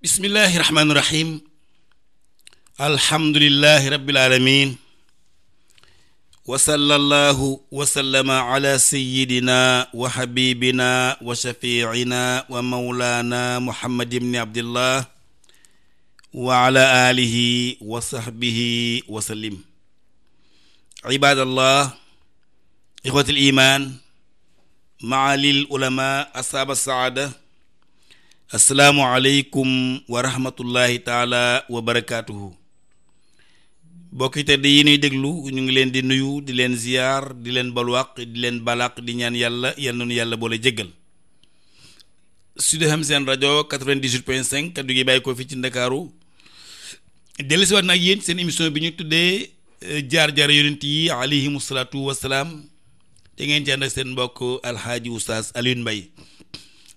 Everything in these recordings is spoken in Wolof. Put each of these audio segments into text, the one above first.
bismillahi rahmaani rahiim alhamdulillahi rabbil aalamiin wa sallallahu wa sallama ala sayyidina wa habibina wa shafiicina wa mawlaana muhammad ibni abdillah wa ala aalihi wa sahbihi wa sallim ibaadallah ixwatul iimaan ma'alil ulamaa ashaaba saada asalaamualeykum wa rahmatullahi taala wa barakaatuhu bokki te di yi nuy déglu ñu ngi leen di nuyu di leen ziyaar di leen balwaq di leen balaq di ñaan yàlla yal na nu yàlla boole jéggal Sud FM seen rajo 98.5 kaddu gi bàyyi ko fii ci ndakaaru dellusiwaat na nag yéen seen émission bi ñu tuddee euh, jaar-jaar yonent yi alayhimu salaatu salaam te ngeen ci ànd seen mbokk alxaaji oustaz Alioune Mbaye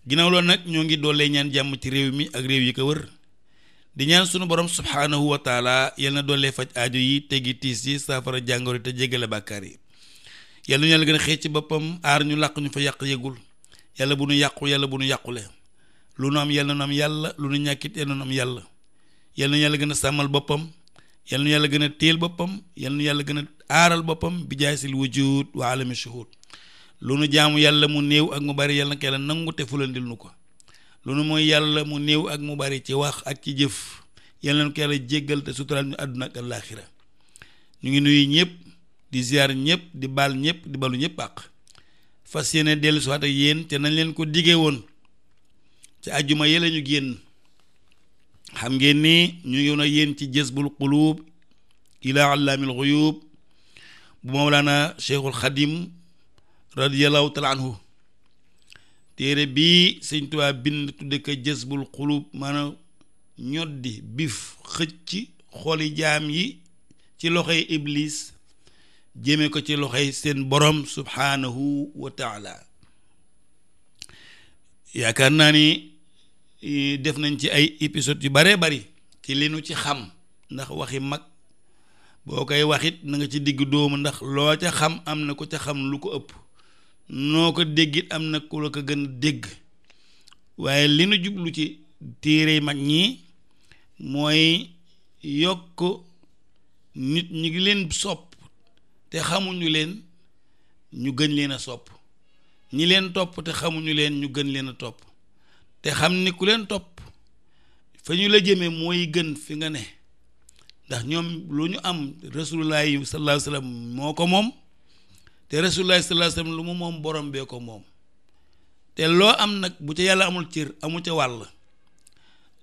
ginnaaw lool nag ñoo ngi doolee ñaan jàmm ci réew mi ak réew yi ko wër di ñaan sunu borom subhaanahu wa taala yal na doolee faj ajo yi teggi tiis yi saafara jàngoro te jégale bàkkaar yi yàlla ñu yàlla gën a xëy ci boppam aar ñu làq ñu fa yàq yëgul yàlla bu nu yàqu yàlla bu nu yàqule lu nu am yàlla nu am yàlla lu nu ñàkkit yàlla nu am yàlla yàlla ñu yàlla gën a sàmmal boppam yàlla ñu yàlla gën a téel boppam yàlla ñu yàlla gën a aaral boppam bi jaay sil wujud wa alami shuhud lu nu jaamu yàlla mu néew ak mu bari yàlla na ko yàlla nangu te fulandil nu ko loolu mooy yàlla mu néew ak mu bari ci wax ak ci jëf yàlla na ko yàlla jéggal te suturaal ñu àdduna ak àllaaxira ñu ngi nuyu ñëpp di ziar ñëpp di baal ñëpp di balu ñëpp àq fas yéene dellu si ak yéen te nañ leen ko diggee woon ci àjjuma yi lañu génn xam ngeen ni ñu ngi woon ak yéen ci jësbul quluub ilaa allaamil xuyuub bu mawlaana cheikhul xadim radiallahu taala anhu téere bii sëñ Tuubaa bind tudde ko jësbul xulub maanaam ñoddi bif xëcc xooli jaam yi ci loxo yi ibliis jéeme ko ci loxo yi seen borom subhaanahu wa taala yaakaar naa ni e, def nañ ci ay épisodes yu bare bari ci li nu ci xam ndax waxi mag boo koy waxit nanga ci digg doomu ndax loo ca xam am na ko ca xam lu ko ëpp noo ko déggit am na ku la ko gën a dégg waaye li nu jublu ci téere mag ñii mooy yokk nit ñi ngi leen sopp te xamuñu leen ñu gën leen a sopp ñi leen topp te xamuñu leen ñu gën leen a topp te xam ni ku leen topp fa ñu la jëmee mooy gën fi nga ne ndax ñoom lu ñu am rasulullah sallallahu alayhi moo ko moom te rasulullah sallallahu lu mu moom borom bee ko moom te loo am nag bu ca yàlla amul cër amu ca wàll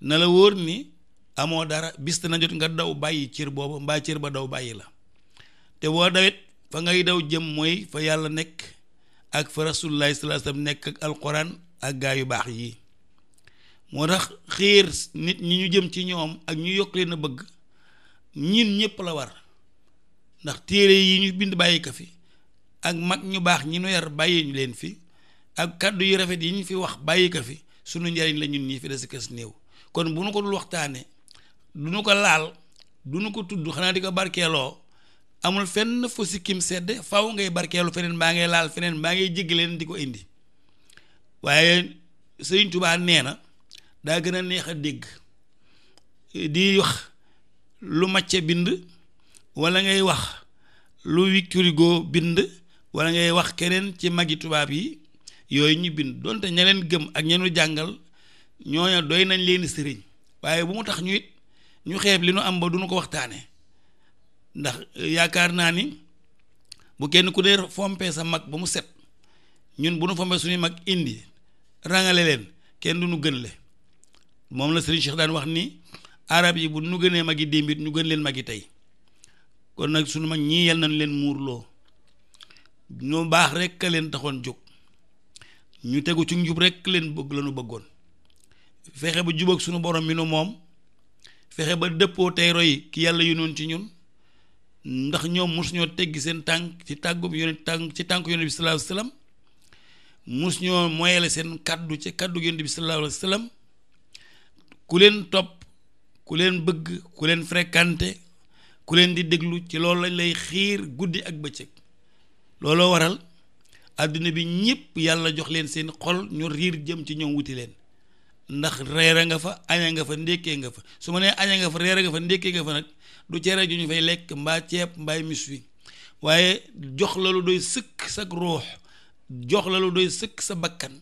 na la wóor ni amoo dara bist na jot nga daw bàyyi cër boobu mbaa cër ba daw bàyyi la te woo dawet fa ngay daw jëm mooy fa yàlla nekk ak fa rasulullah sallallahu nekk ak alquran ak gaa yu baax yi moo tax xiir nit ñi ñu jëm ci ñoom ak ñu yokk leen bëgg ñiin ñëpp la war ndax téere yi ñu bind bàyyi ko fi ak mag ñu baax ñi nu yar bàyyi leen fi ak kàddu yu rafet yi ñu fi wax bàyyi ko fi sunu njariñ la ñun ñii fi des kës néew kon bu nu ko dul waxtaane du nu ko laal du nu ko tudd xanaa di ko barkeeloo amul fenn fu sikkim sedd faw ngay barkeelu feneen baa ngay laal feneen baa ngay jégg leen di ko indi waaye Sëriñ Tuubaa nee na daa gën a neex a dégg di wax lu macce bind walla ngay wax lu Victor Hugo bind wala ngay wax keneen ci magi tubaab yi yooyu ñu donte ña leen gëm ak ñenu jàngal ñooña doy nañ leen sëriñ waaye bu mu tax ñu it ñu xeeb li nu am ba du nu ko waxtaanee ndax eh, yaakaar naa ni bu kenn ku dee fompee sa mag ba mu set ñun bu nu fompee suñuy mag indi rangale leen kenn du nu gën le moom la sëriñ daan wax ni arab yi bu nu gënee magi démbit ñu gën leen magi tey kon nag suñu mag ñii yal nañ leen muurloo ñu baax rek leen taxoon jóg ñu tegu ci njub rekk leen bëgg lañu bëggoon fexe ba jubag suñu borom mi nu moom fexe ba dëppoo tey roy ki yàlla yu noon ci ñun ndax ñoom mosuñoo teggi seen tànk ci tàggum yonent tànk ci tànk yoon bi sallallahu alayhi wasallam mosuñoo moyale seen kàddu kàddu yonent bi sallallahu alayhi ku leen topp ku leen bëgg ku leen frekante ku leen di déglu ci loolu lañ lay xiir guddi ak bëccëg looloo waral adduna bi ñëpp yàlla jox leen seen xol ñu riir jëm ci ñëw wuti leen ndax reera nga fa aña nga fa ndékkee nga fa su ma nee aña nga fa reera nga fa ndékkee nga fa nag du cere ju ñu fay lekk mbaa ceeb mbaay mis wi waaye jox la lu doy sëkk sa ruux jox la lu doy sëkk sa bakkan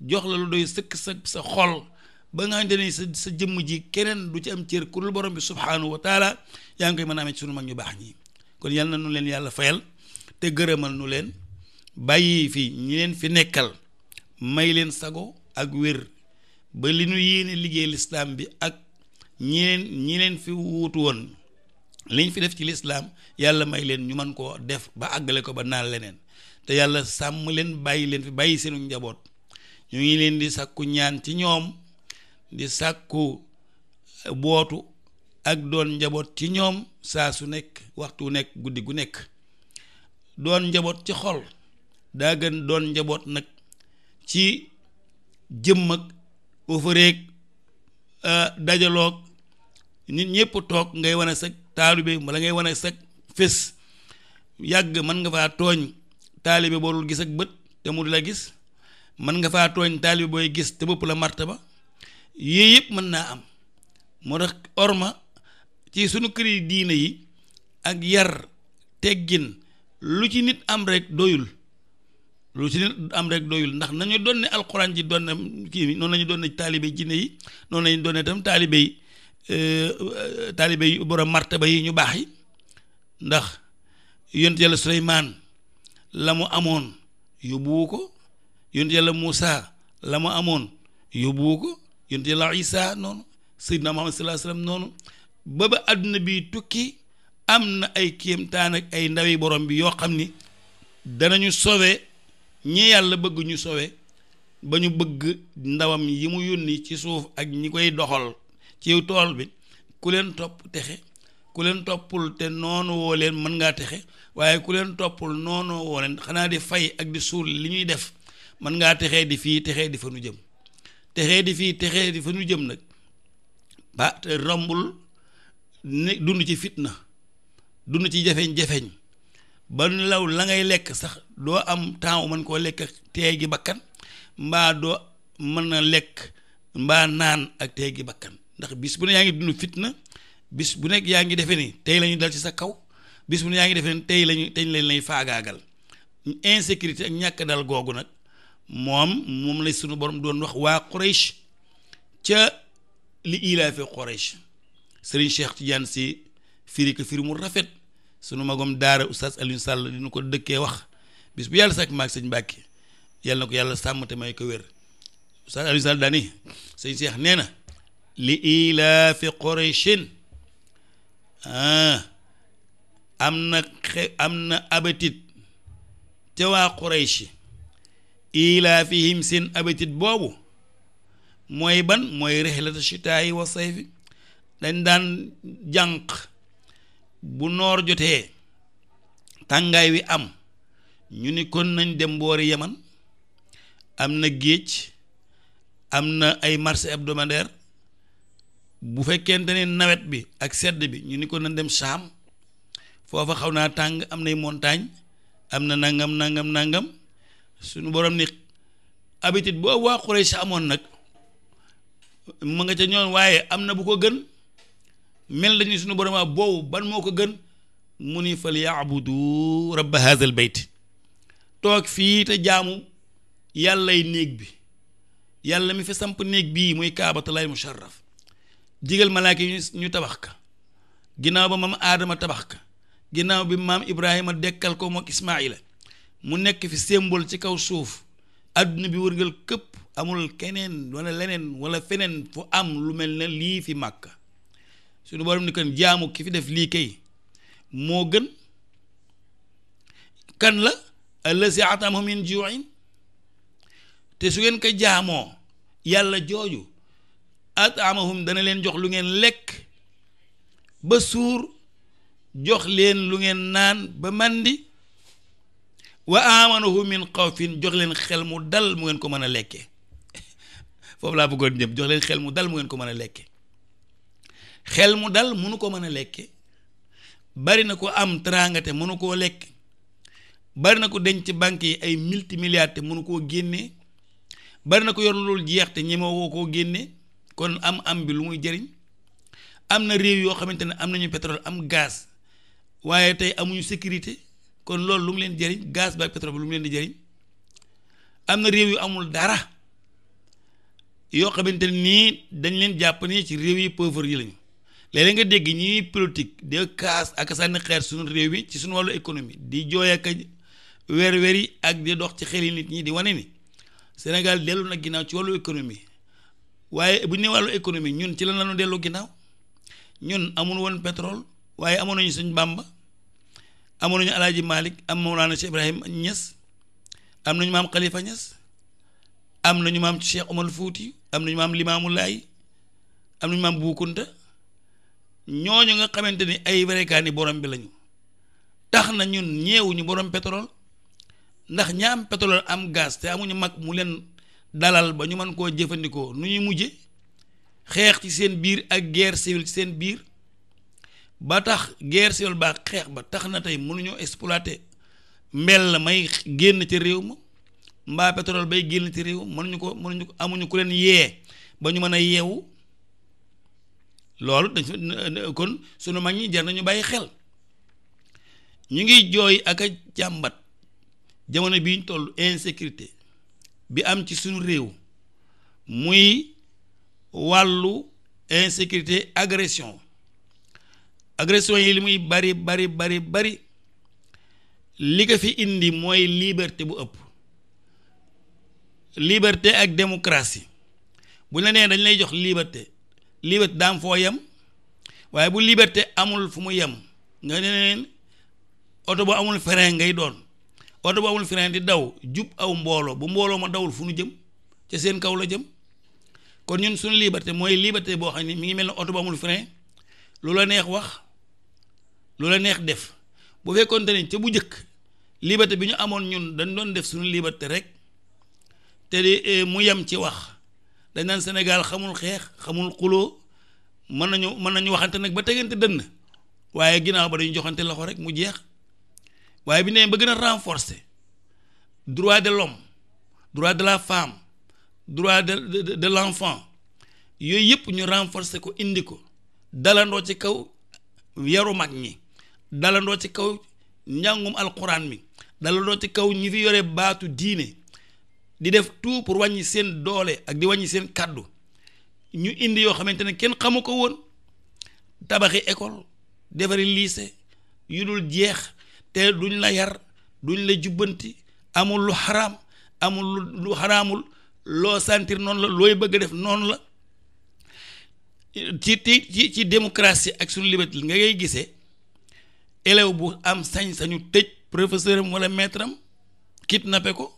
jox la lu doy sëkk sa sa xol ba nga xamante ni sa sa jëmm ji keneen du ci am cër ku dul borom bi subhaanahu wa taala yaa ngi koy mën a amee sunu mag ñu baax ñi kon leen yàlla fayal te gërëmal nu leen bàyyi fi ñi leen fi nekkal may leen sago ak wér ba li ñu yéene liggéey lislaam bi ak ñi leen ñi leen fi wuutu woon liñ fi def ci lislaam yàlla may leen ñu mën koo def ba àggale ko ba naan leneen te yàlla sàmm leen bàyyi leen fi bàyyi seenu njaboot ñu ngi leen di sàkku ñaan ci ñoom di sàkku eh, bootu ak doon njaboot ci ñoom saa su nekk waxtu wu nekk guddi gu nekk doon njaboot ci xol daa gën doon njaboot nag ci jëmm ak ofareeg dajaloog nit ñëpp toog ngay wane sag taalibe wala ngay wane sag fés yàgg mën nga faa tooñ taalibe boo dul bët te la gis mën nga faa tooñ taalibe booy gis te bëpp la martaba yii yëpp mën naa am moo tax orma ci sunu këri diina yi ak yar teggin lu ci nit am rek doyul lu ci nit am rek doyul ndax nañu doon ne alxuraan ji doon na kii bi noonu la doon ne taalibe jinne yi noonu lañu ñu doon ne tam taalibe yi euh, euh, taalibe yi martaba yi ñu baax yi ndax yonent yàlla Suleymaan la mu amoon yóbbuwu ko yonent yàlla Muusa la mu amoon yóbbuwu ko yonent yàlla Isa noonu Seydina Muhammad sallallahu alayhi wa sallam noonu ba ba àdduna bi tukki am na ay kéemtaan ak ay ndawi borom bi yoo xam ni danañu sowe ñi yàlla bëgg ñu sowe ba ñu bëgg ndawam yi mu yónni ci suuf ak ñi koy doxal ci tool bi ku leen topp texe ku leen toppul te noonu woo leen mën ngaa texe waaye ku leen toppul noonu xanaa di fay ak di suul li ñuy def mën ngaa texe di fii texe di fa nu jëm texe di fii texee di fa nu jëm nag ba te rombul dund ci fitna dund ci jafeñ-jafeñ ba law la ngay lekk sax doo am temps mën koo lekk ak teey gi bakkan mbaa doo mën na lekk mbaa naan ak teey bakkan ndax bis bu ne yaa ngi dund fitna bis bu nekk yaa ngi defe ni tey la ñu dal ci sa kaw bis bu ne yaa ngi defe ni tey lañu tey lañ lay faagaagal insécurité ak ñàkk dal googu nag moom moom la sunu borom doon wax waa Quraysh ca li ilaafi Quraysh Serigne Cheikh Tidiane si firi mu rafet sunu magom daara oustaz Alioune Sall li ko dëkkee wax bis bu yàlla sàkk maag sëñ Mbàkke yàlla na ko yàlla sàmm te may ko wér oustaz Alioune Sall daani sëñ Seex nee na li ilaafi Qurayshin ah, am na xe am na abatit te waa Quraysh ilaafihim seen abatit boobu mooy ban mooy rexlata chitaayi wa sayfi dañ daan jànq bu noor jotee tàngaay wi am ñu ni kon nañ dem boori yaman am na géej am na ay marché hebdomadaire bu fekkee fekkente ne nawet bi ak sedd bi ñu ni ko nañ dem saam foofa xaw naa tàng am nay montagne am na nangam nangam nangam suñu boroom ni habitude boobu waa Quraysh amoon nag mu nga ca ñoon waaye am na bu ko gën mel nañu suñu boroma boobu ban moo ko gën mu ni fal yaabudu rabba haazal bayt toog fii te jaamu yàllay néeg bi yàlla mi fi samp néeg bii muy kaabatulaay musharraf digal malaaka yi ñu tabax ka ginnaaw ba maam aadama tabax ginnaaw bi maam ibrahima dekkal ko mook ismaila mu nekk fi symbole ci kaw suuf àdduna bi wërngal këpp amul keneen wala leneen wala feneen fu am lu mel ne lii fi màkka suñu borom ni ko jaamu ki fi def lii kay moo gën kan la allazi atamahum min juin te su ngeen ko jaamoo yàlla jooju atamahum dana leen jox lu ngeen lekk ba suur jox leen lu ngeen naan ba màndi wa amanahu min xawfin jox leen xel mu dal mu ko mën a lekke foofu laa bëggoon jëm jox leen xel mu dal mu ngeen ko mën a lekke xel mu dal mënu ko mën a lekke bari na ko am teraanga te mënu koo lekk bari na ko denc ci banque yi ay multi milliards te mënu koo génne bari na ko yor loolu jeex te ñemewoo koo génne kon am am bi lu muy jariñ am na réew yoo xamante ne am nañu pétrole am gaz waaye tey amuñu sécurité kon loolu lu leen jëriñ gaz ba pétrole lu mu leen di jëriñ am na réew yu amul dara yoo xamante nii dañ leen jàpp ni ci réew yi pauvre yi lañu léeg nga dégg ñi politique de kaas ak sànni xeer suñu réew mi ci suñu wàllu économie di jooy ak weer weer yi ak di dox ci xel yi nit ñi di wane ni Sénégal dellu na ginnaaw ci wàllu économie waaye bu ñu nee wàllu économie ñun ci lan la ñu dellu ginnaaw ñun amul woon pétrole waaye amoon nañu suñ Bàmba amoon nañu Alaaji malik am Mawlaana Cheikh Ibrahim Niass am nañu maam Khalifa Niass am nañu maam Cheikh Omar Fouti am nañu maam Limaamu Laay am nañu maam Boukounta ñooñu nga xamante ni ay werekaani borom bi lañu tax na ñun ñeewuñu borom pétrole ndax ña am pétrole am gaz te amuñu mag mu leen dalal ba ñu mën koo jëfandikoo nu ñuy mujje xeex ci seen biir ak guerre civile ci seen biir ba tax guerre civile ba xeex ba tax na tey mënuñoo exploiter mbel may génn ci réew ma mbaa pétrole bay génn ci réew mënuñu ko mënuñu ko amuñu ku leen yee ba ñu mën a yeewu loolu dañ kon sunu mañ ñi jar nañu bàyyi xel ñu ngi jooy ak a jàmbat jamono bi ñu toll insécurité bi am ci suñu réew muy wàllu insécurité agression agression yi li muy bari bari bari bari li ko fi indi mooy liberté bu ëpp liberté ak démocratie bu la nee dañ lay jox liberté liberté daam foo yem waaye bu liberté amul fu mu yem nga ne leen oto bu amul frein ngay doon oto bu amul frein di daw jub aw mbooloo bu mbooloo ma dawul fu nu jëm ca seen kaw la jëm kon ñun suñu liberté mooy liberté boo xam ne mi ngi mel ne oto bu amul frein lu la neex wax lu la neex def bu fekkoonte ne ca bu njëkk liberté bi ñu amoon ñun dañ doon def suñu liberté rek te di eh, mu yem ci wax dañ naan Sénégal xamul xeex xamul xuloo mën nañu mën nañu waxante nag ba tegante dënn waaye ginnaaw ba dañu joxante loxo rek mu jeex waaye bi nee ba gën a renforcer droit de l'homme droit de la femme droit de de de l'enfant yooyu yëpp ñu renforcer ko indi ko dalandoo ci kaw yaru mag ñi dalandoo ci kaw njàngum alquran mi dalandoo ci kaw ñi fi yore baatu diine di def tout pour wàññi seen doole ak di wàññi seen kàddu ñu indi yoo xamante ne kenn xamu ko woon tabaxi école defari liise yu dul jeex te duñ la yar duñ la jubbanti amul lu xaraam amul lu xaraamul loo sentir noonu la looy bëgg a def noonu la ci ci ci démocratie ak suñu liberté nga ngay gisee élève bu am sañ-sañu tëj professeur am wala maître am kidnappé ko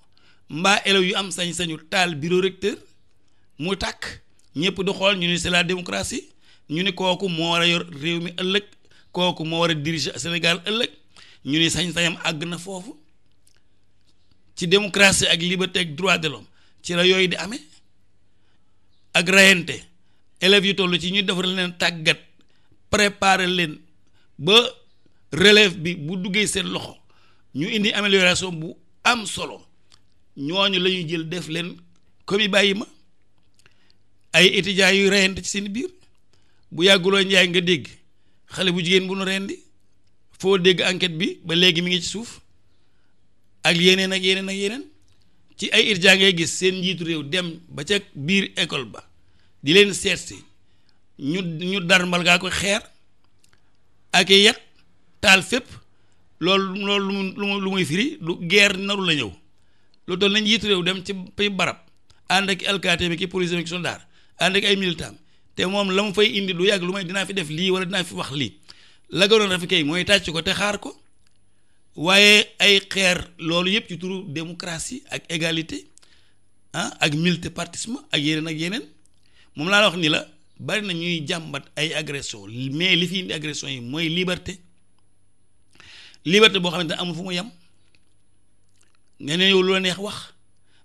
mbaa élèves yu am sañ-sañu taal bureau recteur mu tàkk ñëpp du xool ñu ni c'est la démocratie ñu ni kooku moo war a yor réew mi ëllëg kooku moo war a diriger Sénégal ëllëg ñu ni sañ-sañam àgg na foofu ci démocratie ak liberté ak droit de l'homme ci la yooyu di ame ak rayante élèves yu toll ci ñu defaral leen tàggat préparer leen ba relève bi bu duggee seen loxo ñu indi amélioration bu am solo ñooñu la ñuy jël def leen comme bàyyi ma ay étudiants yuy reyante ci seen biir bu yàgguloo njaay nga dégg xale bu jigéen bu nu rendi foo dégg enquête bi ba léegi mi ngi ci suuf ak yeneen ak yeneen ak yeneen ci ay étudiants ngay gis seen njiitu réew dem ba ca biir école ba di leen seet si ñu ñu dar mbal ngaa ko xeer ak yat taal fépp loolu loolu lu mu lu muy firi lu guerre naru la ñëw loolu toll nañ yitt réew dem ci pays barab ànd ak alkaati bi ki police bi ki soldaar ànd ak ay militant te moom la mu fay indi lu yàgg lu may dinaa fi def lii wala dinaa fi wax lii la gënoon rafet kay mooy tàcc ko te xaar ko waaye ay xeer loolu yëpp ci turu démocratie ak égalité ah ak multipartisme ak yeneen ak yeneen moom laa wax ni la bari na ñuy jàmbat ay agression mais li fi indi agression yi mooy liberté liberté boo xam ne amul fu mu yem nga ne yow lu la neex wax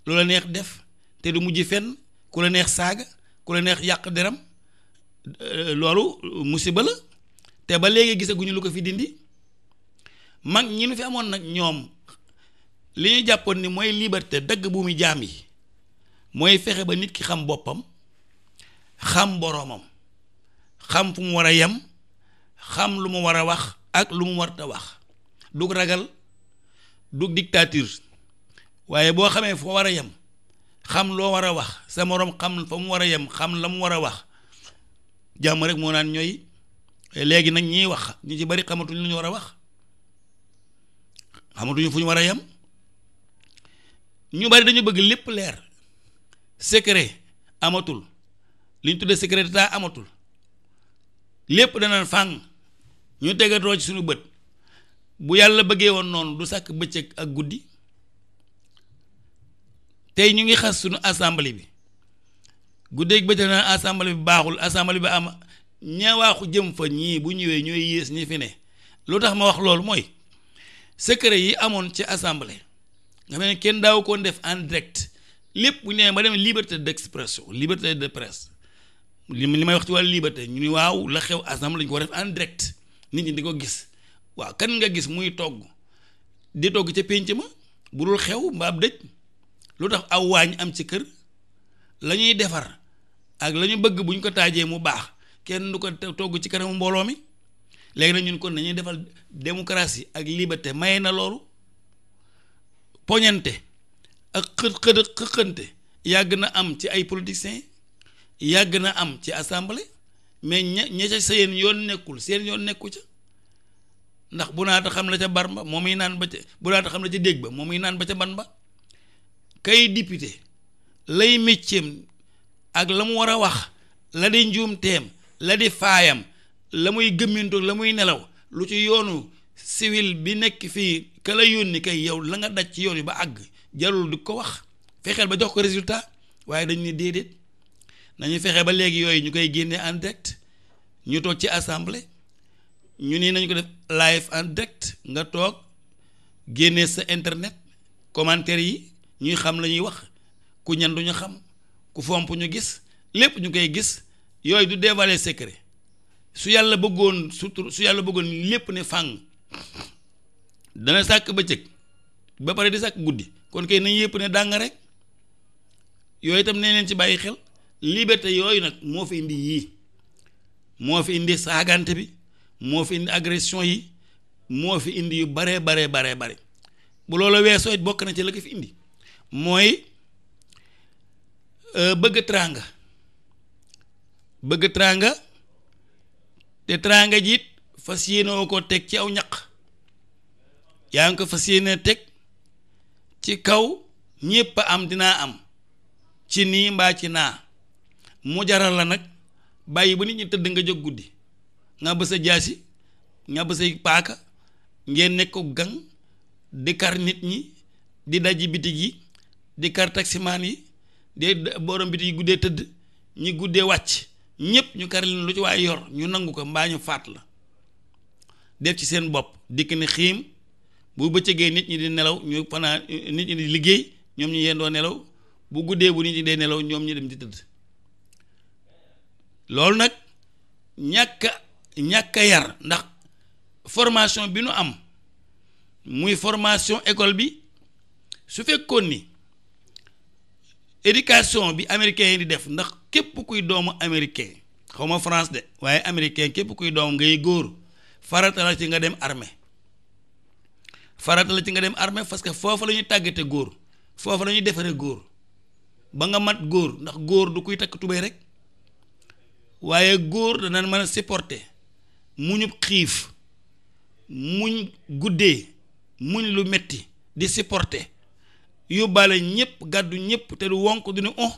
lu la neex def te du mujj fen ku la neex saaga ku la neex yàq deram euh, loolu musiba la te ba léegi gisaguñu lu ko fi dindi mag ñi nu fi amoon nag ñoom li ñu jàppoon ni mooy liberté dagg bu mu jaam yi mooy fexe ba nit ki xam boppam xam boroomam xam fu mu war a yem xam lu mu war a wax ak lu mu warta wax dug ragal dug dictature waaye boo xamee foo war a yem xam loo war a wax sa moroom xam fa mu war a yem xam la mu war a wax jàmm rek moo naan ñooy léegi nag ñiy wax ñu ci bari xamatuñ lu ñu war a wax xamatuñu fu war a yem ñu bari dañu bëgg lépp leer secret amatul li ñu tuddee secret d'état amatul lépp dana fàng ñu tegatoo ci suñu bët bu yàlla bëggee woon noonu du sàkk bëccëg ak guddi tey ñu ngi xas suñu assemblée bi guddeeg bëccëg naan assemblée bi baaxul assemblée bi am ñawaaxu jëm fa ñii bu ñëwee ñooy yées ñi fi ne lu tax ma wax loolu mooy secret yi amoon ci assemblée nga xam ne kenn daaw koon def en direct lépp bu ñu nee ma dem liberté d'expression liberté de presse li may wax ci wàllu liberté ñu ni waaw la xew assemblée lañu ko def en direct nit ñi di ko gis waaw kan nga gis muy togg di togg ci pénc ma bu dul xew mbaab dëj lu tax aw waañ am ci kër la ñuy defar ak la ñu bëgg bu ñu ko taajee mu baax kenn du ko togg ci kanamu mbooloo mi léegi nag ñun kon nañuy defal démocratie ak liberté maye na loolu poñante ak xët xët xëqante yàgg na am ci ay politiciens yàgg na am ci assemblée mais ña ña ca seen yoon nekkul seen yoon nekku ca ndax bu naata xam la ca bar ba moom muy naan ba ca bu naata xam la ca dégg ba moom muy naan ba ca ban ba kay député lay mécceem ak la mu war a wax la di njuum teem la di faayam la muy gëmmintu la muy nelaw lu ci yoonu civil bi nekk fii kala la yónni kay yow la nga daj ci yoon yi ba àgg jarul di ko wax fexeel ba jox ko résultat waaye dañu ne déedéet nañu fexe ba léegi yooyu ñu koy génnee en ñu toog ci assemblée ñu ni nañu ko def live en direct nga toog génnee sa internet commentaire yi ñuy xam la ñuy wax ku ñan du ñu xam ku fomp ñu gis lépp ñu koy gis yooyu du dévoiler secret su yàlla bëggoon surtout su yàlla bëggoon lépp ne fàng dana sàkk bëccëg ba pare di sàkk guddi kon kay nañ yëpp ne dàng rek yooyu itam nee leen ci bàyyi xel liberté yooyu nag moo fi indi yii moo fi indi saagante bi moo fi indi agression yi moo fi indi yu bare bare bare bare bu loolu weesoo it bokk na ci la ko fi indi mooy euh, bëgg teraanga bëgg teraanga te teraanga jiit fas yéenoo ko teg ci aw ñaq yaa ngi ko fas yéene teg ci kaw ñépp am dinaa am ci nii mbaa ci naa mu jaral la nag bàyyi ba nit ñi tëdd nga jóg guddi nga ba nga ba paaka ngeen nekk gang di kar nit ñi di dajji bitig yi di kar taximaan yi dee borom biti yi guddee tëdd ñi guddee wàcc ñëpp ñu kar leen lu ci waaye yor ñu nangu ko mbaa ñu faat la def ci seen bopp dikk ni xiim bu bëccëgee nit ñi di nelaw ñu fanaan nit ñi di liggéey ñoom ñu yendoo nelaw bu guddee bu nit ñi dee nelaw ñoom ñu dem di tëdd loolu nag ñàkk ñàkk yar ndax formation bi nu am muy formation école bi su fekkoon ni éducation bi américain yi di def ndax képp kuy doomu américain xaw ma France de waaye américain képp kuy doom ngay góor farata la ci nga dem armée farata ci nga dem armée parce que foofu la ñuy tàggate góor foofu lañuy defaree góor ba nga mat góor ndax góor du kuy takk tubéy rek waaye góor dana mën a supporter muñu xiif muñ guddee muñ lu metti di supporter yóbbaale ñëpp gàddu ñëpp te du wonk du ne on oh,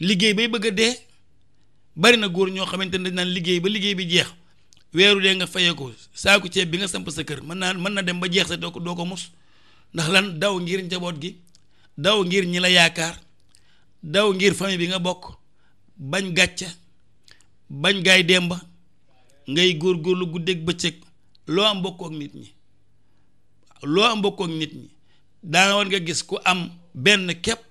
liggéey bay bëgg dee bari na góor ñoo xamante ne dañ naan liggéey ba liggéey bi jeex weeru de nga fayee ko saaku ceeb bi nga samp sa kër mën naa mën na dem ba jeex sa doo ko ko mus ndax lan daw ngir njaboot gi daw ngir ñi la yaakaar daw ngir famille bi nga bokk bañ gàcca bañ gaay demba ngay góor góorgóorlu guddeeg bëccëg loo am bokkoo nit ñi loo am bokkoo nit ñi daa war nga gis ku am benn képp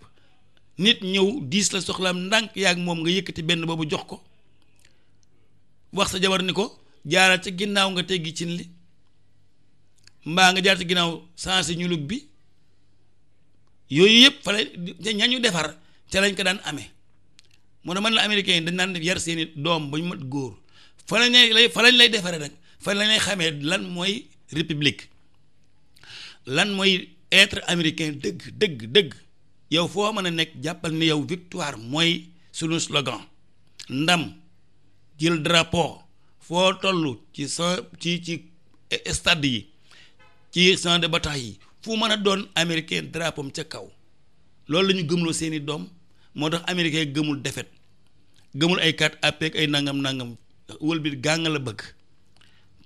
nit ñëw diis la soxlaam ndànk yaag moom nga yëkkati benn boobu jox ko wax sa jabar ni ko jaaral ci ginnaaw nga teggi cin li mbaa nga jaar ci ginnaaw sensé ñu bi yooyu yëpp fa la defar ca lañ ko daan amee moo tax man la américain yi dañ daan yar seeni doom ba ñu mat góor fa lañ lay fa lañ lay defaree nag fa lañ lay xamee lan mooy république lan mooy être américain dëgg dëgg dëgg yow foo mën a nekk jàppal ni yow victoire mooy sunu slogan ndam jël drapeau foo tollu ci so ci ci stade yi ci champ de yi fu mën a doon américain drapeau ca kaw loolu lañu ñu gëmloo seeni doom moo tax américain gëmul defet gëmul ay kat appeek ay nangam nangam wël bi gàng la bëgg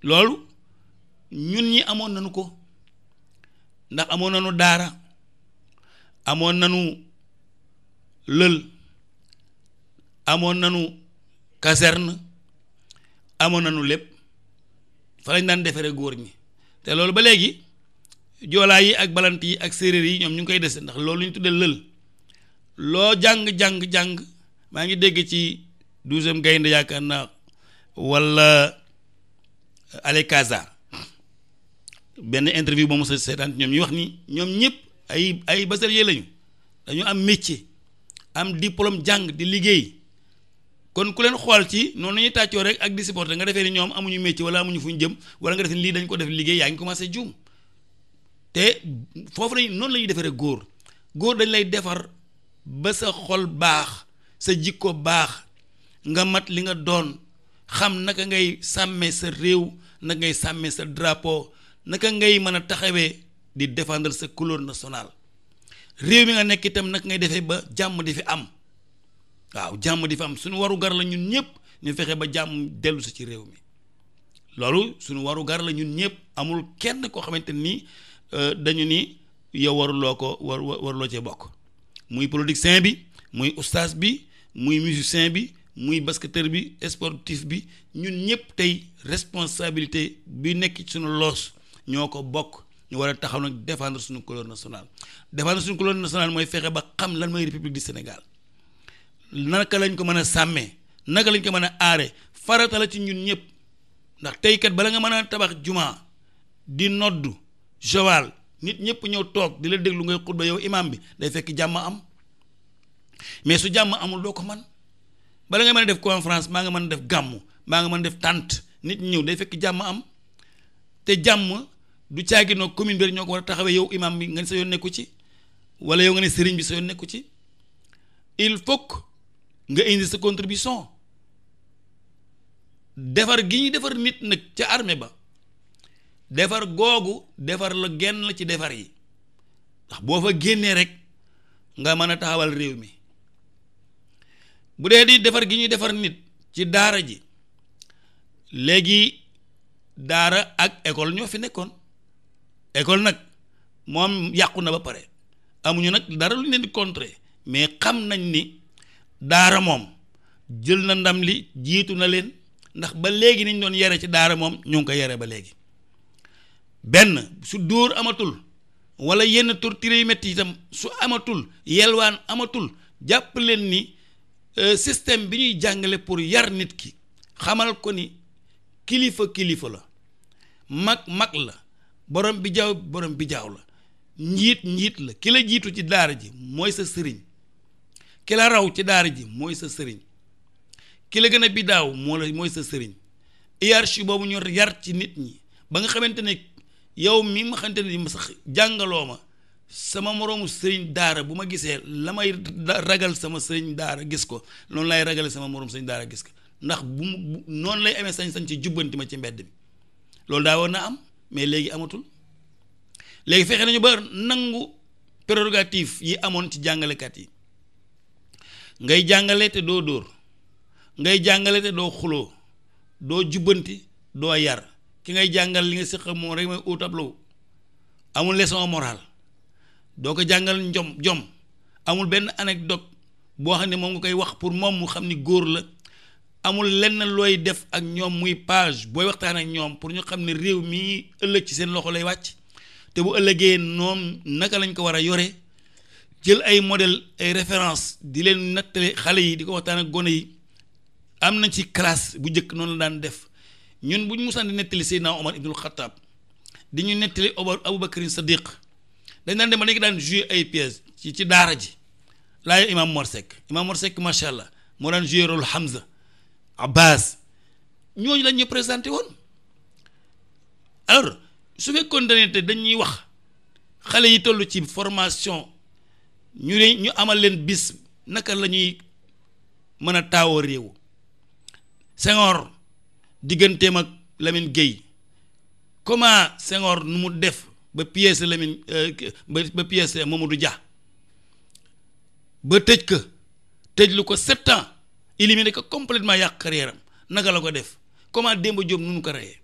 loolu ñun ñi amoon nañu ko ndax amoon nañu daara amoon na nu lël amoon na nañu caserne amoon nañu lépp fa lañ daan defaree góor ñi te loolu ba léegi joolaa yi ak balant yi ak séeréer yi ñoom ñu ngi koy dese ndax loolu ñu tuddee lël loo jàng-jàng-jàng maa ngi dégg ci douzième gaynde yaakaar na wala alekaza benn interview boo mos a seetaan ñoom ñuy wax ni ñoom ñëpp ay ay bachelier lañu dañu am métier am diplôme jàng di liggéey kon ku leen xool ci noonu lañuy tàccoo rek ak di supporter nga defee ni ñoom amuñu métier wala amuñu fu ñu jëm wala nga def nii dañ ko def liggéey yaa ngi commencé juum te foofu lañ noonu la defaree góor góor dañ lay defar ba sa xol baax sa jikko baax nga mat li nga doon xam naka ngay sàmmee sa réew naka ngay sàmmee sa drapo naka ngay mën a taxawee di défendre sa couleur nationale réew mi nga nekk itam naka ngay defee ba jàmm di fi am waaw jàmm di fi am suñu waru gar la ñun ñëpp ñu fexe ba jàmm dellu si ci réew mi loolu suñu waru gar la ñun ñëpp amul kenn koo xamante nii euh, dañu ni yow waruloo ko war waruloo cee bokk muy politicien bi muy ustaas bi muy musicien bi muy basketteur bi sportif bi ñun ñëpp tey responsabilité bi nekk ci suñu loos ñoo ko bokk ñu war a taxaw nag défendre suñu couleur nationale défendre suñu couleur nationale mooy fexe ba xam lan mooy république du Sénégal naka lañ ko mën a sàmmee naka lañ ko mën a aare farata la ci ñun ñëpp ndax tey kat bala nga mën a tabax jumaa di noddu jowaal nit ñëpp ñëw toog di la déglu ngay xutba yow imaam bi day fekk jàmm am mais su jàmm amul doo ko man bala nga mën a def conférence maa nga mën a def gàmmu maa nga mën a def tànt nit ñëw day fekk jàmm am te jàmm du caagi noo commune bi ñoo ko war a taxawee yow imam bi nga ne sa yoon nekku ci wala yow nga ne sëriñ bi sa yoon nekku ci il faut nga indi sa contribution defar gi ñuy defar nit nag ca armée ba defar googu defar la genn ci defar yi ndax boo fa génnee rek nga mën a taxawal réew mi bu dee di defar gi ñuy defar nit ci daara ji léegi daara ak école ñoo fi nekkoon école nag moom yàqu na ba pare amuñu nag dara lu ñu leen di mais xam nañ ni daara moom jël na ndam li jiitu na leen ndax ba léegi niñ doon yare ci daara moom ñu ngi ko yare ba léegi benn su dóor amatul wala yenn torture yu métti itam su amatul yelwaan amatul jàpp leen ni euh, système bi ñuy jàngale pour yar nit ki xamal ko ni kilifa kilifa la mag mag la borom bi jaaw borom bi jaaw la njiit njiit la ki la jiitu ci daar ji mooy sa sëriñ ki la raw ci daar ji mooy sa sëriñ ki la gën a bidaaw moo la mooy sa sëriñ hiérarchie boobu ñu yar ci nit ñi ba nga xamante ne yow mii nga xamante ne sax jàngaloo ma sama moroomu sëriñ daara bu ma gisee la may ragal sama sëriñ daar gis ko noonu lay ragale sama moroom sëriñ daara gis ko ndax bu noonu lay amee sañ-sañ ci jubbanti ma ci mbedd mi loolu daa war na am mais léegi amatul léegi fexe nañu ba nangu prérogative yi amoon ci jàngalekat yi ngay jàngale te doo dóor ngay jàngale te doo xuloo doo jubbanti doo yar ki ngay jàngal li nga sëq moom rek mooy au tableau amul leçon morale doo ko jàngal njom jom amul benn dog boo xam ne moom nga koy wax pour moom mu xam ni góor la amul lenn looy def ak ñoom muy page booy waxtaan ak ñoom pour ñu xam ni réew mii ëllëg ci seen loxo lay wàcc te bu ëllëgee noonu naka lañ ko war a yore jël ay modèle ay référence di leen nattale xale yi di ko waxtaan ak gone yi am na ci classe bu njëkk noonu la daan def ñun bu ñu musaan di nettali Seydina Omar Ibnul di ñu nettali Omar Aboubacar Sadiq dañ daan dem ba léegi daan joué ay pièces ci ci daara ji laay Imam Mor Seck Imam Mor Seck macha allah moo daan joué rôle Hamza. Abbas ñooñu lañ ñu présenté woon alors su fekkoon dañuy te dañuy wax xale yi toll ci formation ñu ne ñu amal leen bis naka la ñuy mën a taawoo réew Senghor digganteem ak Lamine Gueye comment Senghor nu mu def ba pièce Lamine euh, ba ba pièce Mamadou Dia ba tëj ko tëj lu ko sept éliminer ko complètement yàq carrière naka la ko def comment Demba Diop nu mu ko reyee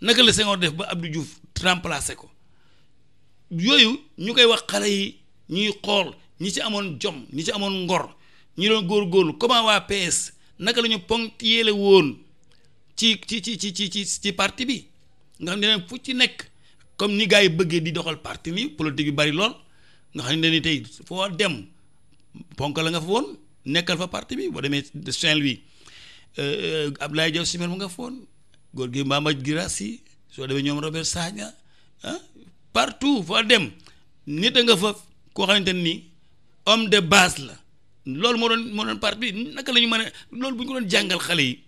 naka la Senghor def ba Abdou Diouf remplacé ko yooyu ñu koy wax xale yi ñuy xool ñi ci amoon jom ñi ci amoon ngor ñi doon góorgóorlu comment waa PS naka la ñu ponctuer woon ci ci ci ci ci ci ci parti bi nga xam ne fu ci nekk comme ni gars yi bëggee di doxal parti bi politique bi bari lool nga xam ne ni tey foo dem ponk la nga fa woon. nekkal fa parti bi boo demee Saint-Louis euh, euh, Abdoulaye Diaw Simel mu nga foon góor gi Mbamba Girassi soo demee ñoom Robert Sagna ah partout foo dem nit a nga fa koo xamante nii homme de base la loolu moo doon moo doon parti bi naka la ñu mën a loolu bu ñu ko doon jàngal xale yi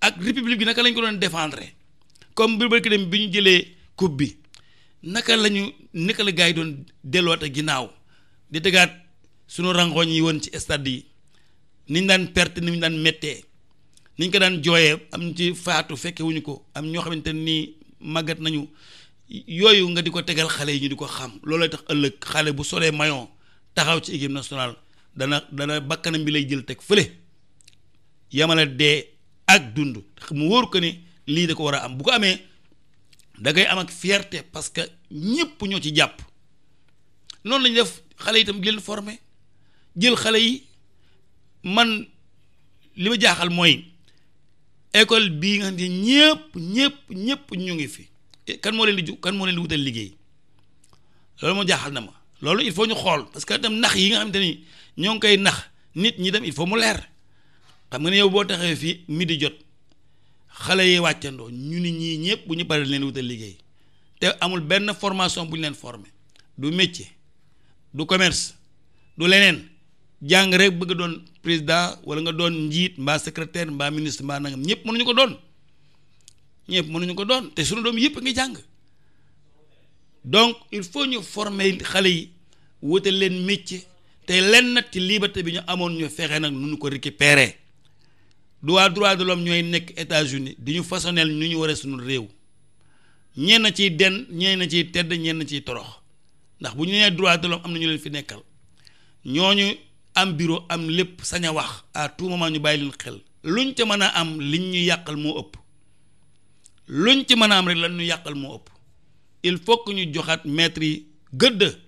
ak république bi naka la ko doon défendre comme bu barki dem bi ñu jëlee coupe bi naka lañu ñu naka la yi doon delluwaat ginnaaw di tegaat. sunu rangooñ yi woon ci stade yi niñ daan perte ni niñ daan méttee niñ ko daan jooyee am ci faatu fekke ko am ñoo xamante nii màggat nañu yooyu nga di ko tegal xale yi ñu di ko xam looloo tax ëllëg xale bu solee maillot taxaw ci équipe national dana dana bàkkanam bi lay jël teg fële yamala dee ak dund mu wóor ko ni lii da ko war a am bu ko amee da ngay am ak fierté parce que ñëpp ñoo ci jàpp noonu lañu def xale itam di leen former jël xale yi man li ma jaaxal mooy ecole bii nga xam ne ñëpp ñëpp ñëpp ñu ngi fi eh, kan moo leen di ju kan moo leen di wutal liggéey loolu moo jaaxal na ma loolu il faut ñu xool parce que tam nax yi nga xam te ni ñoo ngi koy nax nit ñi dem il faut mu leer xam nga ne yow boo taxee fii di jot xale yi wàccandoo ñu ni ñii ñëpp bu ñu paree leen wutal liggéey te amul benn formation bu ñu leen former du métier du commerce du leneen jàng rek bëgg doon président wala nga doon njiit mbaa secrétaire mbaa ministre mbaa nangam ñëpp mënuñu ko doon ñëpp mënuñu ko doon te sunu doom yëpp ngi jàng donc il faut ñu former xale yi wute leen métier te lenn nag ci liberté bi ñu amoon ñu fexe nag nu ñu ko récupérer droit droit de l'homme ñooy nekk États-Unis di ñu façonnel nu ñu waree suñu réew ñenn ciy den ñenn ciy tedd ñenn ciy torox ndax bu ñu nee droit de am na ñu leen fi nekkal am bureau am lépp sañ a wax à tout moment ñu bàyyi leen xel luñ ca mën a am liñ ñuy yàqal moo ëpp luñ ci mën a am rek lan ñu yàqal moo ëpp il faut que ñu joxaat metre yi gëdd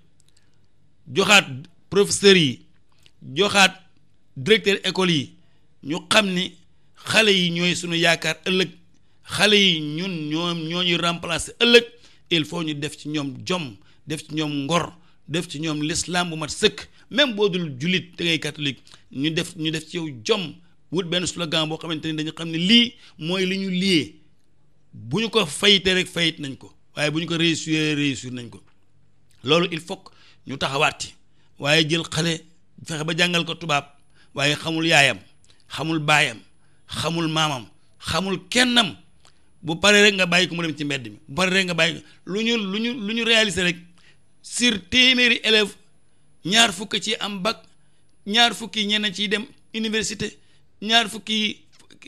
joxaat professeurs yi joxaat directeur école yi ñu xam ni xale yi ñooy suñu yaakaar ëllëg xale yi ñun ñoom ñoo ñuy remplacer ëllëg il faut ñu def ci ñoom jom def ci ñoom ngor def ci ñoom l'islam bu mat sëkk même boo dul jullit da catholique ñu def ñu def ci yow jomm wut benn slogan boo xamante ni dañu xam ne lii mooy li ñu liyee bu ñu ko fayite rek fayit nañ ko waaye bu ñu ko réussir réussir nañ ko loolu il faut ñu taxawaat ci waaye jël xale fexe ba jàngal ko tubaab waaye xamul yaayam xamul baayam xamul maamam xamul kennam bu paree rek nga bàyyi ko mu dem ci mbedd mi bu paree rek nga bàyyi ko lu ñu lu ñu lu ñu réaliser rek sur téeméeri élèves ñaar fukk ci am bac ñaar fukki ñenn ciy dem université ñaar fukki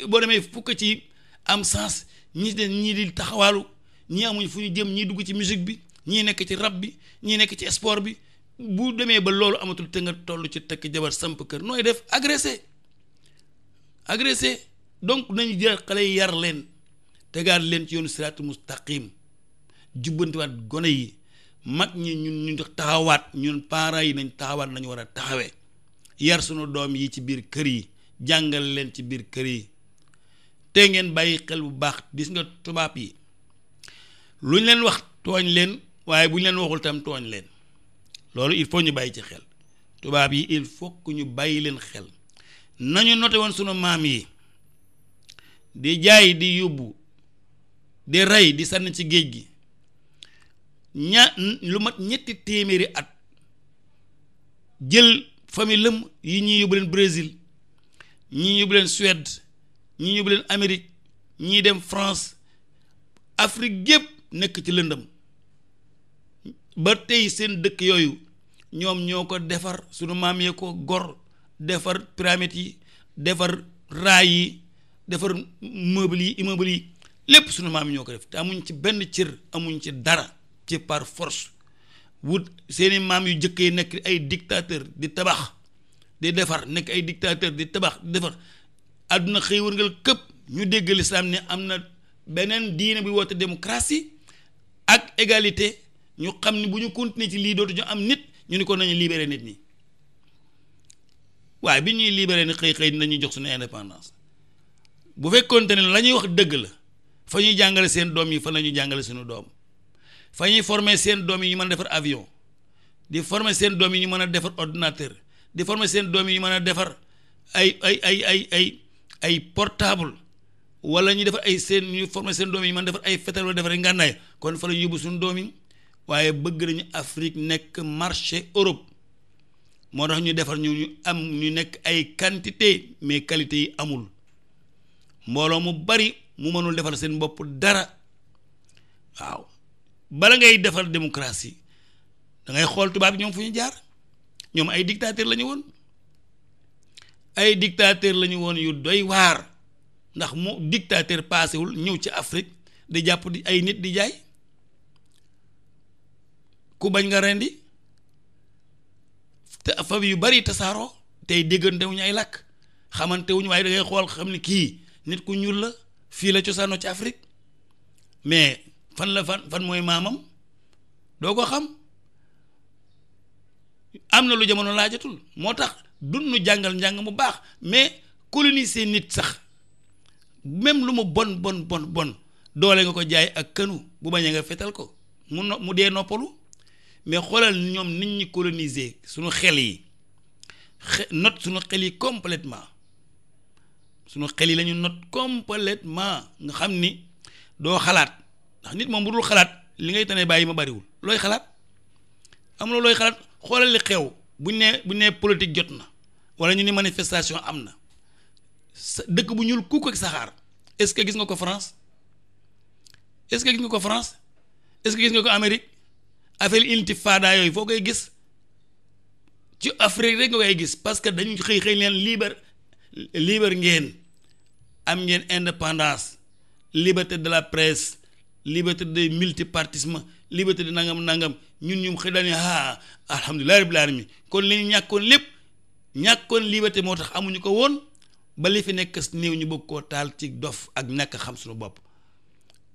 boo demee fukk ci am sance ñi de ñii di taxawaalu ñii amuñ fu ñu jëm ñi dugg ci musique bi ñii nekk ci rab bi ñii nekk ci sport bi bu demee ba loolu amatul te nga toll ci tekk jabar samp kër nooy def agressé agressé donc nañu jël xale yi yar leen tegaat leen ci yoonu siraatu mustaqim jubbantiwaat gone yi mag ñi ñun ñu taxawaat ñun parents yi nañ taxawaat nañu war a taxawee yar sunu doom yi ci biir kër yi jàngal leen ci biir kër yi te ngeen bàyyi xel bu baax gis nga tubaab yi luñ leen wax tooñ leen waaye buñ leen waxul tam tooñ leen loolu il faut ñu bàyyi ci xel tubaab yi il faut que ñu bàyyi leen xel nañu noté woon sunu maam yi di jaay di yóbbu di rey di sànni ci géej gi ña lu mat ñetti téeméeri at jël famille lëm yi ñii yóbbu leen Brésil ñii yóbbu leen Suède ñii yóbbu leen Amérique ñii dem France Afrique gépp nekk ci lëndëm ba tey seen dëkk yooyu ñoom ñoo ko defar sunu maam yee ko gor defar pyramide yi defar raay yi defar meuble yi immeuble yi lépp sunu maam yi ñoo ko def te amuñ ci benn cër amuñ ci dara ci par force wut seeni maam yu jëkkee nekk ay dictateur di tabax di defar nekk ay dictateur di tabax di defar àdduna xëy wërngal këpp ñu déggale sam ne am na beneen diine bi woote démocratie ak égalité ñu xam ni bu ñu continuer ci lii dootu dootuñu am nit ñu ni ko nañu libere nit ñi waaye bi ñuy libéré ni xëy xëy nañu jox suñu indépendance bu fekkoonte ne la ñuy wax dëgg la fa ñuy jàngale seen doom yi fa la ñuy jàngale suñu doom fa ñuy former seen doom yi ñu mën a defar avion di former seen doom yi ñu mën a defar ordinateur di former seen doom yi ñu mën a defar ay ay ay ay ay ay portable wala ñu defar ay seen ñu former seen doom yi ñu mën a defar ay fetal wala defar ay ngànnaay kon fa la ñu yóbbu suñu doom yi waaye bëgg nañu Afrique nekk marché Europe moo tax ñu defar ñu ñu am ñu nekk ay quantité mais qualité yi amul mbooloo mu bari mu mënul defar seen bopp dara waaw bala ngay defar démocratie da ngay xool tubaab ñoom fu ñu jaar ñoom ay dictateur lañu woon ay dictateur lañu ñu woon yu doy waar ndax mu dictateur paasewul ñëw ci Afrique di jàpp di ay nit di jaay ku bañ nga rendi te famille yu bari tasaaroo tey déggante wuñu ay làkk xamante wuñu waaye da xool xam ne kii nit ku ñuul la fii la cosaanoo ci Afrique mais fan la fan fan mooy maamam doo ko xam am na lu jamono laajatul moo tax nu jàngal njàng mu baax mais coloniser nit sax même lu mu bon bon bon bon doole nga ko jaay ak kënu bu bañee nga fetal ko mu no mu dee noppalu mais xoolal ñoom nit ñi coloniser suñu xel yi not suñu xel yi complètement suñu xel yi lañu ñu not complètement nga xam ni doo xalaat ndax nit moom bu dul xalaat li ngay tane bàyyi ma bariwul looy xalaat amuloo looy xalaat xoolal li xew buñ nee buñ nee politique jot na wala ñu ni manifestation am na sa dëkk bu ñuul kukk ak saxaar est-ce que gis nga ko France est-ce que gis nga ko France est-ce que gis nga ko Amérique affaire intifada yooyu foo koy gis ci Afrique rek nga koy gis parce que dañu xëy xëy leen liber liber ngeen am ngeen indépendance liberté de la presse liberté de multipartisme liberté de nangam nangam ñun ñum xëy daane haa ah, alhamdulillahi rabbil alamin kon li ñàkkoon lépp ñàkkoon liberté moo tax amuñu ko woon ba li fi nekk néew ñu bëgg koo taal ci dof ak ñàkk xam suñu bopp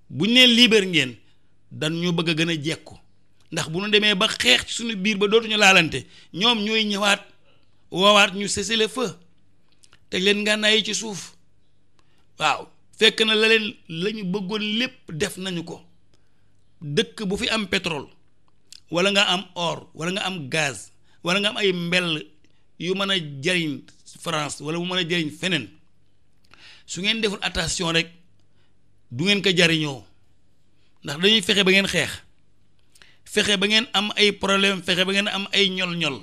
bu ñu nee liber ngeen dan ñoo bëgg a gën a jekku ndax bu nu demee ba xeex ci suñu biir ba dootuñu laalante ñoom ñooy ñëwaat woowaat ñu cesser le te leen ngànnaay yi ci suuf waaw fekk na la leen la ñu bëggoon lépp def nañu ko dëkk bu fi am pétrole wala nga am or wala nga am gaz wala nga am ay mbel yu mën a jariñ France wala mu mën a jariñ feneen su ngeen deful attention rek du ngeen ko jariñoo ndax dañuy fexe ba ngeen xeex fexe ba ngeen am ay problème fexe ba ngeen am ay ñol-ñol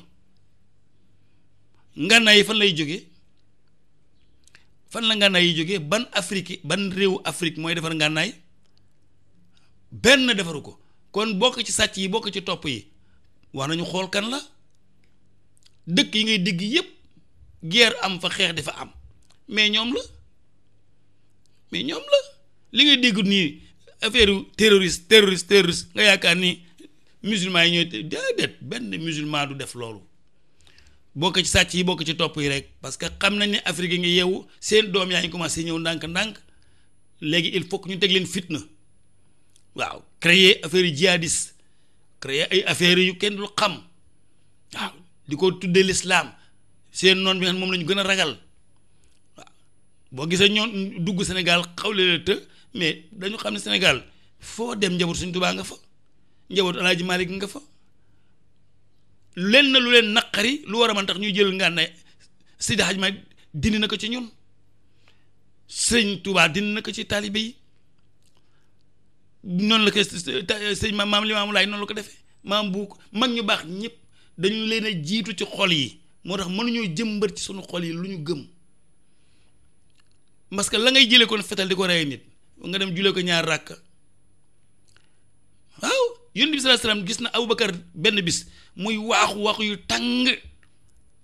ngànnaay fan lay jóge fan la ngànnaay yi jógee ban Afrique ban réewu Afrique mooy defar ngànnaay benn defaru ko kon bokk ci sàcc yi bokk ci topp yi wax nañu xool kan la dëkk yi ngay dégg yépp guerre am fa xeex dafa am mais ñoom la mais ñoom la li ngay dégg nii affaire terroriste terroriste terroriste nga yaakaar ni musulman yi ñooy déedéet benn musulman du def loolu bokk ci sàcc yi bokk ci topp yi rek parce que xam nañ ne Afrique ngi yeewu seen doom yaa ngi commencé ñëw ndànk-ndànk léegi il faut que ñu teg leen fitna waaw créer affaire yu jihadiste créer ay affaires yu kenn du xam waaw di ko tuddee l'islam seen noon bi nga xam moom la ñu gën a ragal waaw boo gisee ñoom dugg Sénégal xawle la të mais dañu xam ne Sénégal foo dem njabootu Sëñ Tuubaa nga fa njabootu El Hadj nga fa. lenn lu leen naqari lu war a man ntax ñuy jël ngànnaay Seydi Hadji Malick dindi na ko ci ñun sëñ Touba dindi na ko ci taalibe yi noonu la ko sëñ ma maam Limaamu Laay noonu la ko defee maam bu mag ñu baax ñépp dañu leen a jiitu ci xol yi moo tax mënuñoo jëmbat ci suñu xol yi lu ñu gëm parce que la ngay jëlee kon fetal di ko rey nit nga dem jule ko ñaar ràkk waaw yonent bi sallallahu alayhi wasallam gis na Aboubacar benn bis muy waaxu waaxu yu tàng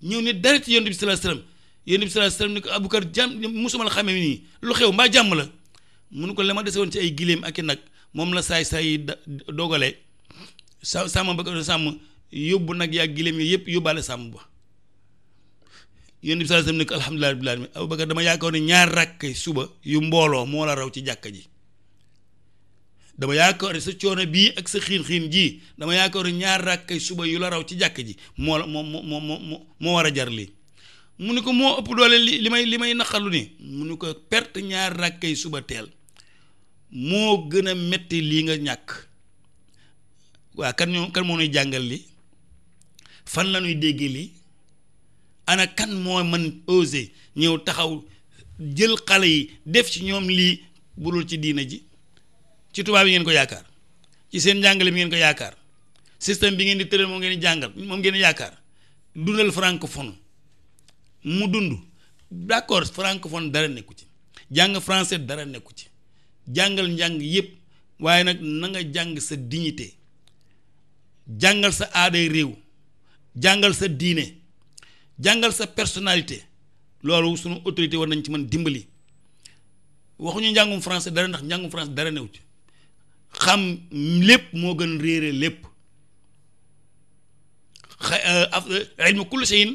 ñëw ne dara ci yonent bi sallallahu alayhi wasallam yonent bi sallallahu alayhi wasallam ne ko Aboubacar jàmm musuma la xamee nii lu xew mbaa jàmm la mu ne ko la ma dese woon ci ay gileem ak i nag moom la saay saay yi dogale sa sàmm ba sàmm yóbbu nag yaa gileem yooyu yëpp yóbbaale sàmm ba yonent bi sallallahu alayhi wasallam ne ko alhamdulillahi rabbil alamin Aboubacar dama yaakaar ne ñaar rakk suba yu mbooloo moo la raw ci jàkka ji dama yaakaar sa coono bii ak sa xiin xiin ji dama yaakaar ñaar rakkay suba yu la raw ci jàkk ji moo la moo moo moo moo war a jar lii mu ni ko moo ëpp doole li li may li may naqalu ni mu ni ko perte ñaar rakkay suba teel moo gën a metti lii nga ñàkk waa kan ñoo kan moo nuy jàngal li fan la ñuy déggee li ana kan moo man osé ñëw taxaw jël xale yi def ci ñoom lii budul ci diina ji ci tubaab yi ngeen ko yaakaar ci seen njàngale bi ngeen ko yaakaar système bi ngeen di tëral moom ngeen di jàngal moom ngeen di yaakaar dundal francophone mu dund d'accord francophone dara nekku ci jàng français dara nekku ci jàngal njàng yépp waaye nag nanga jàng sa dignité jàngal sa aaday réew jàngal sa diine jàngal sa personnalité loolu sunu autorité war nañ ci mën dimbali waxuñu njàngum français dara ndax njàngum français dara newu ci xam lépp moo gën réere lépp euh, af euh, ilmu kulli shay'in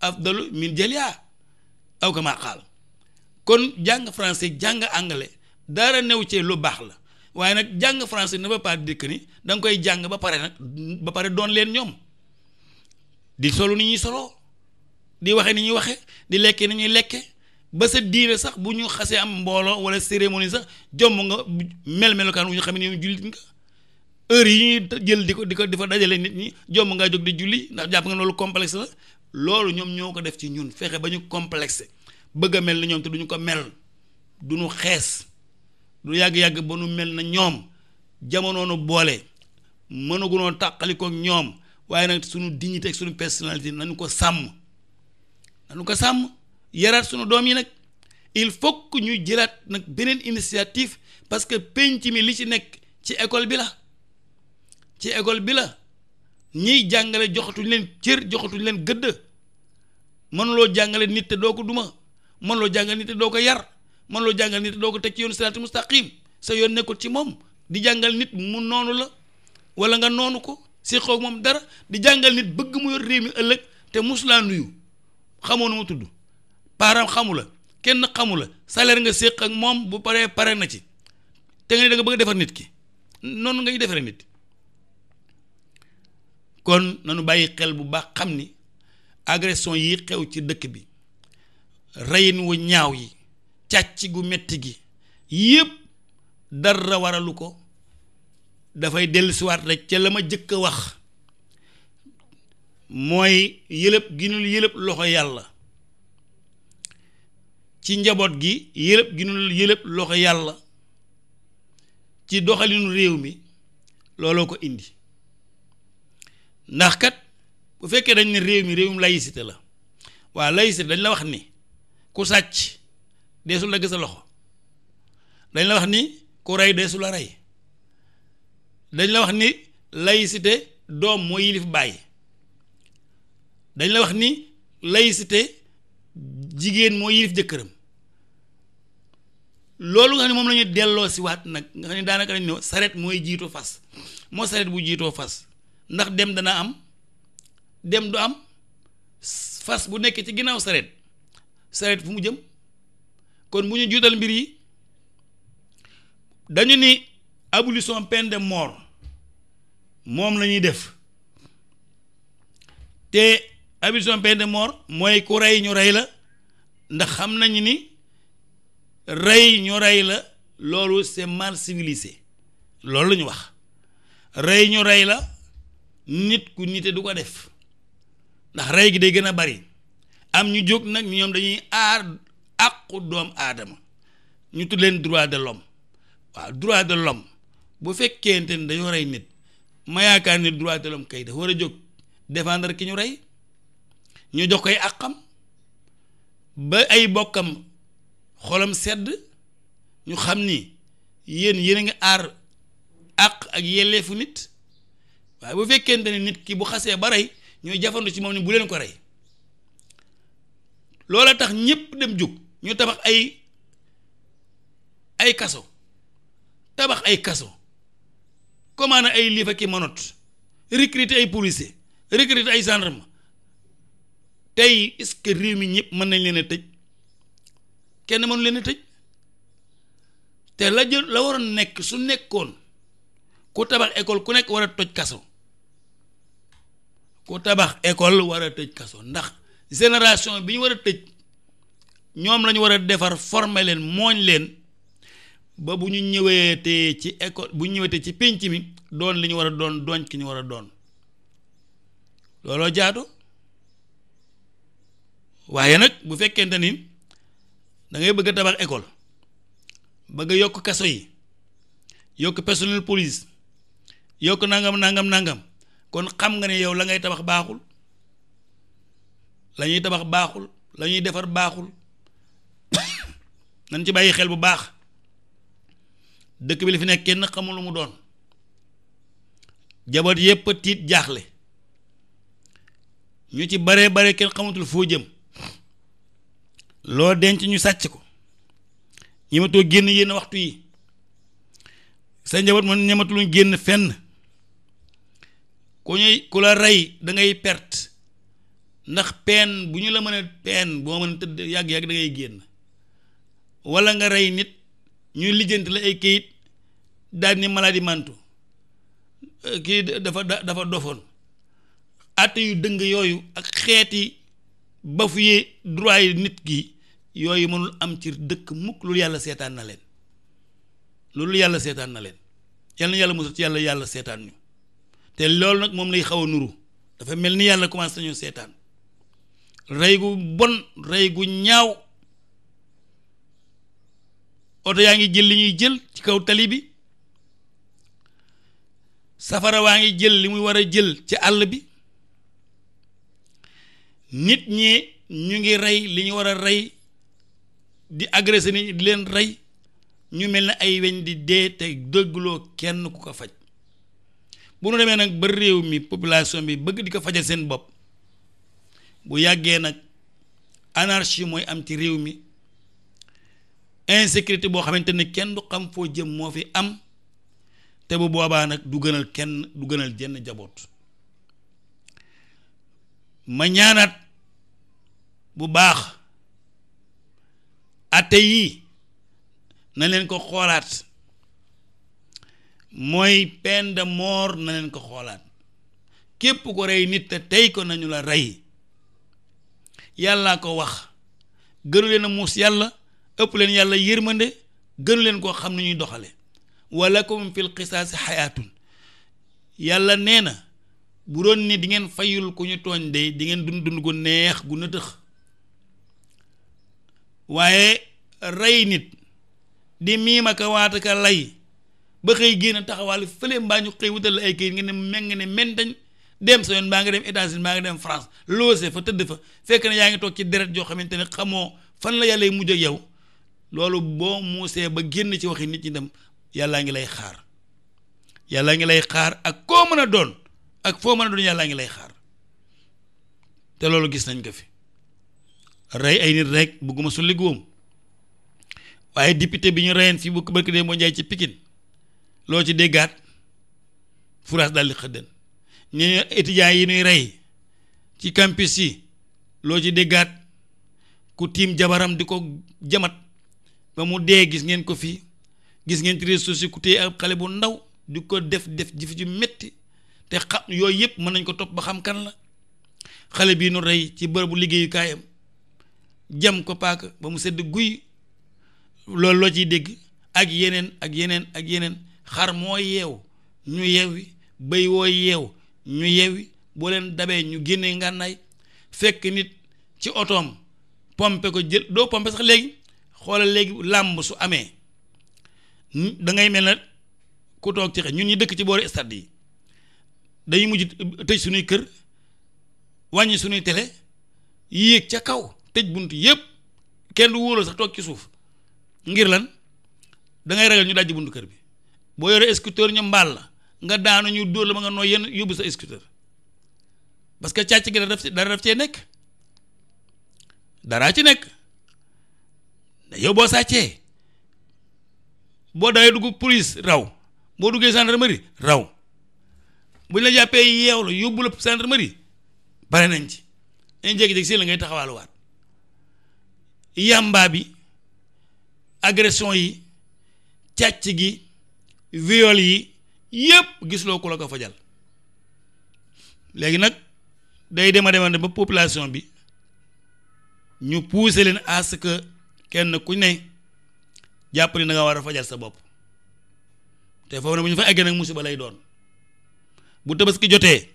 afdalu min jaliha aw kama qaal kon jàng français jàng anglais dara new ci lu baax la waaye nag jàng français ne veut pas dire ni danga koy jàng ba pare nag ba pare doon leen ñoom di solo ni ñuy soloo di waxe ni ñuy waxe di lekke ni ñuy lekke ba sa diine sax bu ñu xasee am mbooloo wala cérémonie sax jomm nga mel melukaan wu ñu xam ne yow jullit nga heure yi ñuy jël di ko di ko di fa dajale nit ñi jomm ngaa jóg di julli ndax jàpp nga loolu complexe la loolu ñoom ñoo ko def ci ñun fexe ba ñu complexe bëgg a mel na ñoom te duñu ko mel du ñu xees du yàgg-yàgg ba nu mel na ñoom jamono boole mënagunoo tàqalikoo ñoom waaye nag suñu dignité ak suñu personnalité nañu ko sàmm nañu ko sàmm yaraat sunu doom yi nag il faut que ñu jëlaat nag beneen initiative parce que penc mi li ci nekk ci école bi la ci école bi la ñiy jàngale joxatuñ leen cër joxatuñ leen gëdd mënuloo jàngale nit te doo ko duma mënuloo jàngale nit te doo ko yar mënuloo jàngale nit te doo ko teg ci yoonu siraati mustaqim sa yoon nekkul ci moom di jàngal nit mu noonu la wala nga noonu ko si xoog moom dara di jàngal nit bëgg mu yor réew mi ëllëg te mosulaa nuyu xamoo nu ma tudd parent xamu la kenn xamu la salaire nga séq ak moom bu paree pare na ci te nga ne da bëgg defar nit ki noonu ngay defaree nit kon nanu bàyyi xel bu baax xam ni agression yi xew ci dëkk bi reyin wu ñaaw yi càcc gu metti gi yépp dara waralu ko dafay dellusiwaat rek ca la ma jëkk a wax mooy yëlëb gi ñu yëlëb loxo yàlla ci njaboot gi yëlëb gi nu yëlëb loxo yàlla ci doxalinu réew mi looloo ko indi ndax kat bu fekkee dañ ne réew mi réewum laïcité la waa laïcité dañ la wax ni ku sàcc deesul la gis a loxo dañ la wax ni ku rey rey dañ la wax ni laïcité doom moo yilif bàyyi dañ la wax ni laysite jigéen moo yilif jëkkëram loolu nga xam ne moom la ñuy delloo si waat nag nga xam ne daanaka dañ ne mooy jiitu fas moo saret bu jiitoo fas ndax dem dana am dem du am fas bu nekkee ci ginnaaw saret saret fu mu jëm kon bu ñu juutal mbir yi dañu ni abolition peine de moom la ñuy def te abolition peine de mooy ku rey ñu rey la ndax xam nañu ni rey ñu rey la loolu c'est mal civilisé loolu la ñu wax rey ñu rey la nit ku nite du ko def ndax rey gi day gën a bari am ñu jóg nag ñoom dañuy aar àqu doom aadama ñu tudd leen droit de l'homme waaw droit de l'homme bu fekkente ni dañoo rey nit ma yaakaar ni droit de l'homme kay dafa war a jóg défendre ki ñu rey ñu jox koy àqam ba ay bokkam xolam sedd ñu xam ni yéen yéen a ngi aar àq ak yelleefu nit waaye bu fekkente ne nit ki bu xasee ba rey ñooy jafandu ci moom ni bu leen ko rey a tax ñépp dem jóg ñu tabax ay ay kaso tabax ay kaso commandé ay liif ak i manot recruter ay policier recruter ay gendarme tey est-ce que réew mi ñëpp mën nañ leen a tëj kenn mënu leen a tëj te la jël la war a nekk su nekkoon ku tabax école ku nekk war a toj kaso ku tabax école war a tëj kaso ndax génération bi ñu war a tëj ñoom lañu war a defar former leen mooñ leen ba bu ñu ñëwee te ci école bu ñu ñëweetee ci pénc mi doon li ñu war a doon doon ki ñu war a doon looloo jaadu waaye nag bu fekkente ni da ngay bëgg tabax école bëgg a yokk kaso yi yokk personnel police yokk nangam nangam nangam kon xam nga ne yow la ngay tabax baaxul lañuy tabax baaxul lañuy defar baaxul nañ ci bàyyi xel bu baax dëkk bi li fi nekk kenn xamul lu mu doon jaboot yépp tiit jaaxle ñu ci bare bare kenn xamatul foo jëm loo denc ñu sàcc ko ñematoo génn yenn waxtu yi sa njaboot man ñematuluñ génn fenn ku ñuy ku la rey dangay ngay perte ndax pen bu ñu la mën pen boo mën tëdd yàgg-yàgg da génn wala nga rey nit ñuy lijjanti la ay kayit daal ni maladie euh, kii dafa dafa dofoon àtte yu dëng yooyu ak xeeti ba fuyee droit nit ki yooyu mënul am ci dëkk mukk loolu yàlla seetaan na leen loolu yàlla seetaan na leen yàlla na yàlla musal ci yàlla yàlla seetaan ñu te loolu nag moom lay xaw a nuru dafa mel ni yàlla commencé nañu seetaan rey gu bon rey gu ñaaw oto yaa ngi jël li ñuy jël ci kaw tali bi safara waa ngi jël li muy war a jël ci àll bi nit ñi ñu ngi rey li ñu war a rey di agressé nit ñi di leen rey ñu mel ne ay weñ di dee te dëggloo kenn ku ko faj bu nu demee nag ba réew mi population bi bëgg di ko fajal seen bopp bu yàggee nag anarchie mooy am ci réew mi insécurité boo xamante ne kenn du xam foo jëm moo fi am te bu boobaa nag du gënal kenn du gënal jenn jaboot ma ñaanaat bu baax atte yii na leen ko xoolaat mooy pen de mort na leen ko xoolaat képp ko rey nit te tey ko nañu la rey yàllaa ko wax gënu leen a muus yàlla ëpp leen yàlla yërmande gënu leen koo xam ni ñuy doxale walakum fil qisaasi xayaatun yàlla nee na bu doon ni di ngeen fayul ku ñu tooñ de di ngeen dund dund gu neex gu nëtëx waaye rey nit di miim aka waat aka lay ba xëy génn taxawaal fële baa ñu xëy wutal la ay këyit nga ne meng ne mentañ dem sa yoon baa nga dem États-Unis baa nga dem France loose fa tëdd fa fekk na yaa ngi toog ci deret joo xamante ne xamoo fan la yàlla mujj ak yow loolu boo muusee ba génn ci waxi nit ñi dem yàllaa ngi lay xaar yàllaa ngi lay xaar ak koo mën a doon ak foo mën a doon yàllaa ngi lay xaar te loolu gis nañ ko fi rey ay nit rek bëgguma su góom waaye député bi ñu reyeen fi bu bëkk dee moo njaay ci Pikine loo ci déggaat furaas dal di xëddën ñu étudiants yi ñuy rey ci campus yi loo ci déggaat ku tiim jabaram di ko jamat ba mu dee gis ngeen ko fii gis ngeen ci réseaux sociaux ku téye ab xale bu ndaw di ko def def jëf ju metti te xam yooyu yëpp mën nañ ko topp ba xam kan la xale bii nu rey ci bërëbu liggéeyukaayam jam ko paaka ba mu sedd guy loolu loo ciy dégg ak yeneen ak yeneen ak yeneen xar moo yeew ñu yeewi béy woo yeew ñu yeewi boo leen dabee ñu génnee ngànnaay fekk nit ci otoom pompe ko jël doo pompe sax léegi xoolal léegi làmb su amee da ngay mel na ku toog ci xel ñu ñi dëkk ci boori stade yi dañuy mujj tëj suñuy kër wàññi suñuy télé yéeg ca kaw tëj bunt yëpp kenn du wóolal sax toog ci suuf ngir lan da ngay ragal ñu dajji bunt kër bi boo yoree scooter ñu mbaal la nga daanu ñu dóor la ma nga nooy yenn yóbbu sa scooter parce que càcc gi dara daf dara daf cee nekk daraa ci nekk yow boo sàccee boo dawee dugg police raw boo duggee gendarmerie raw bu ñu la jàppee yeew la yóbbu la gendarmerie bare nañ ci dañ jékki-jékki si la ngay taxawaaluwaat yamba bi agression yi càcc gi viol yi yëpp gisloo ku la ko fajal léegi nag day dema demal ba population bi ñu pousser leen à ce que kenn ku ne jàpp ni nga war a fajal sa bopp te foofu ne bu ñu fa eggee nag musiba lay doon bu tabaski jotee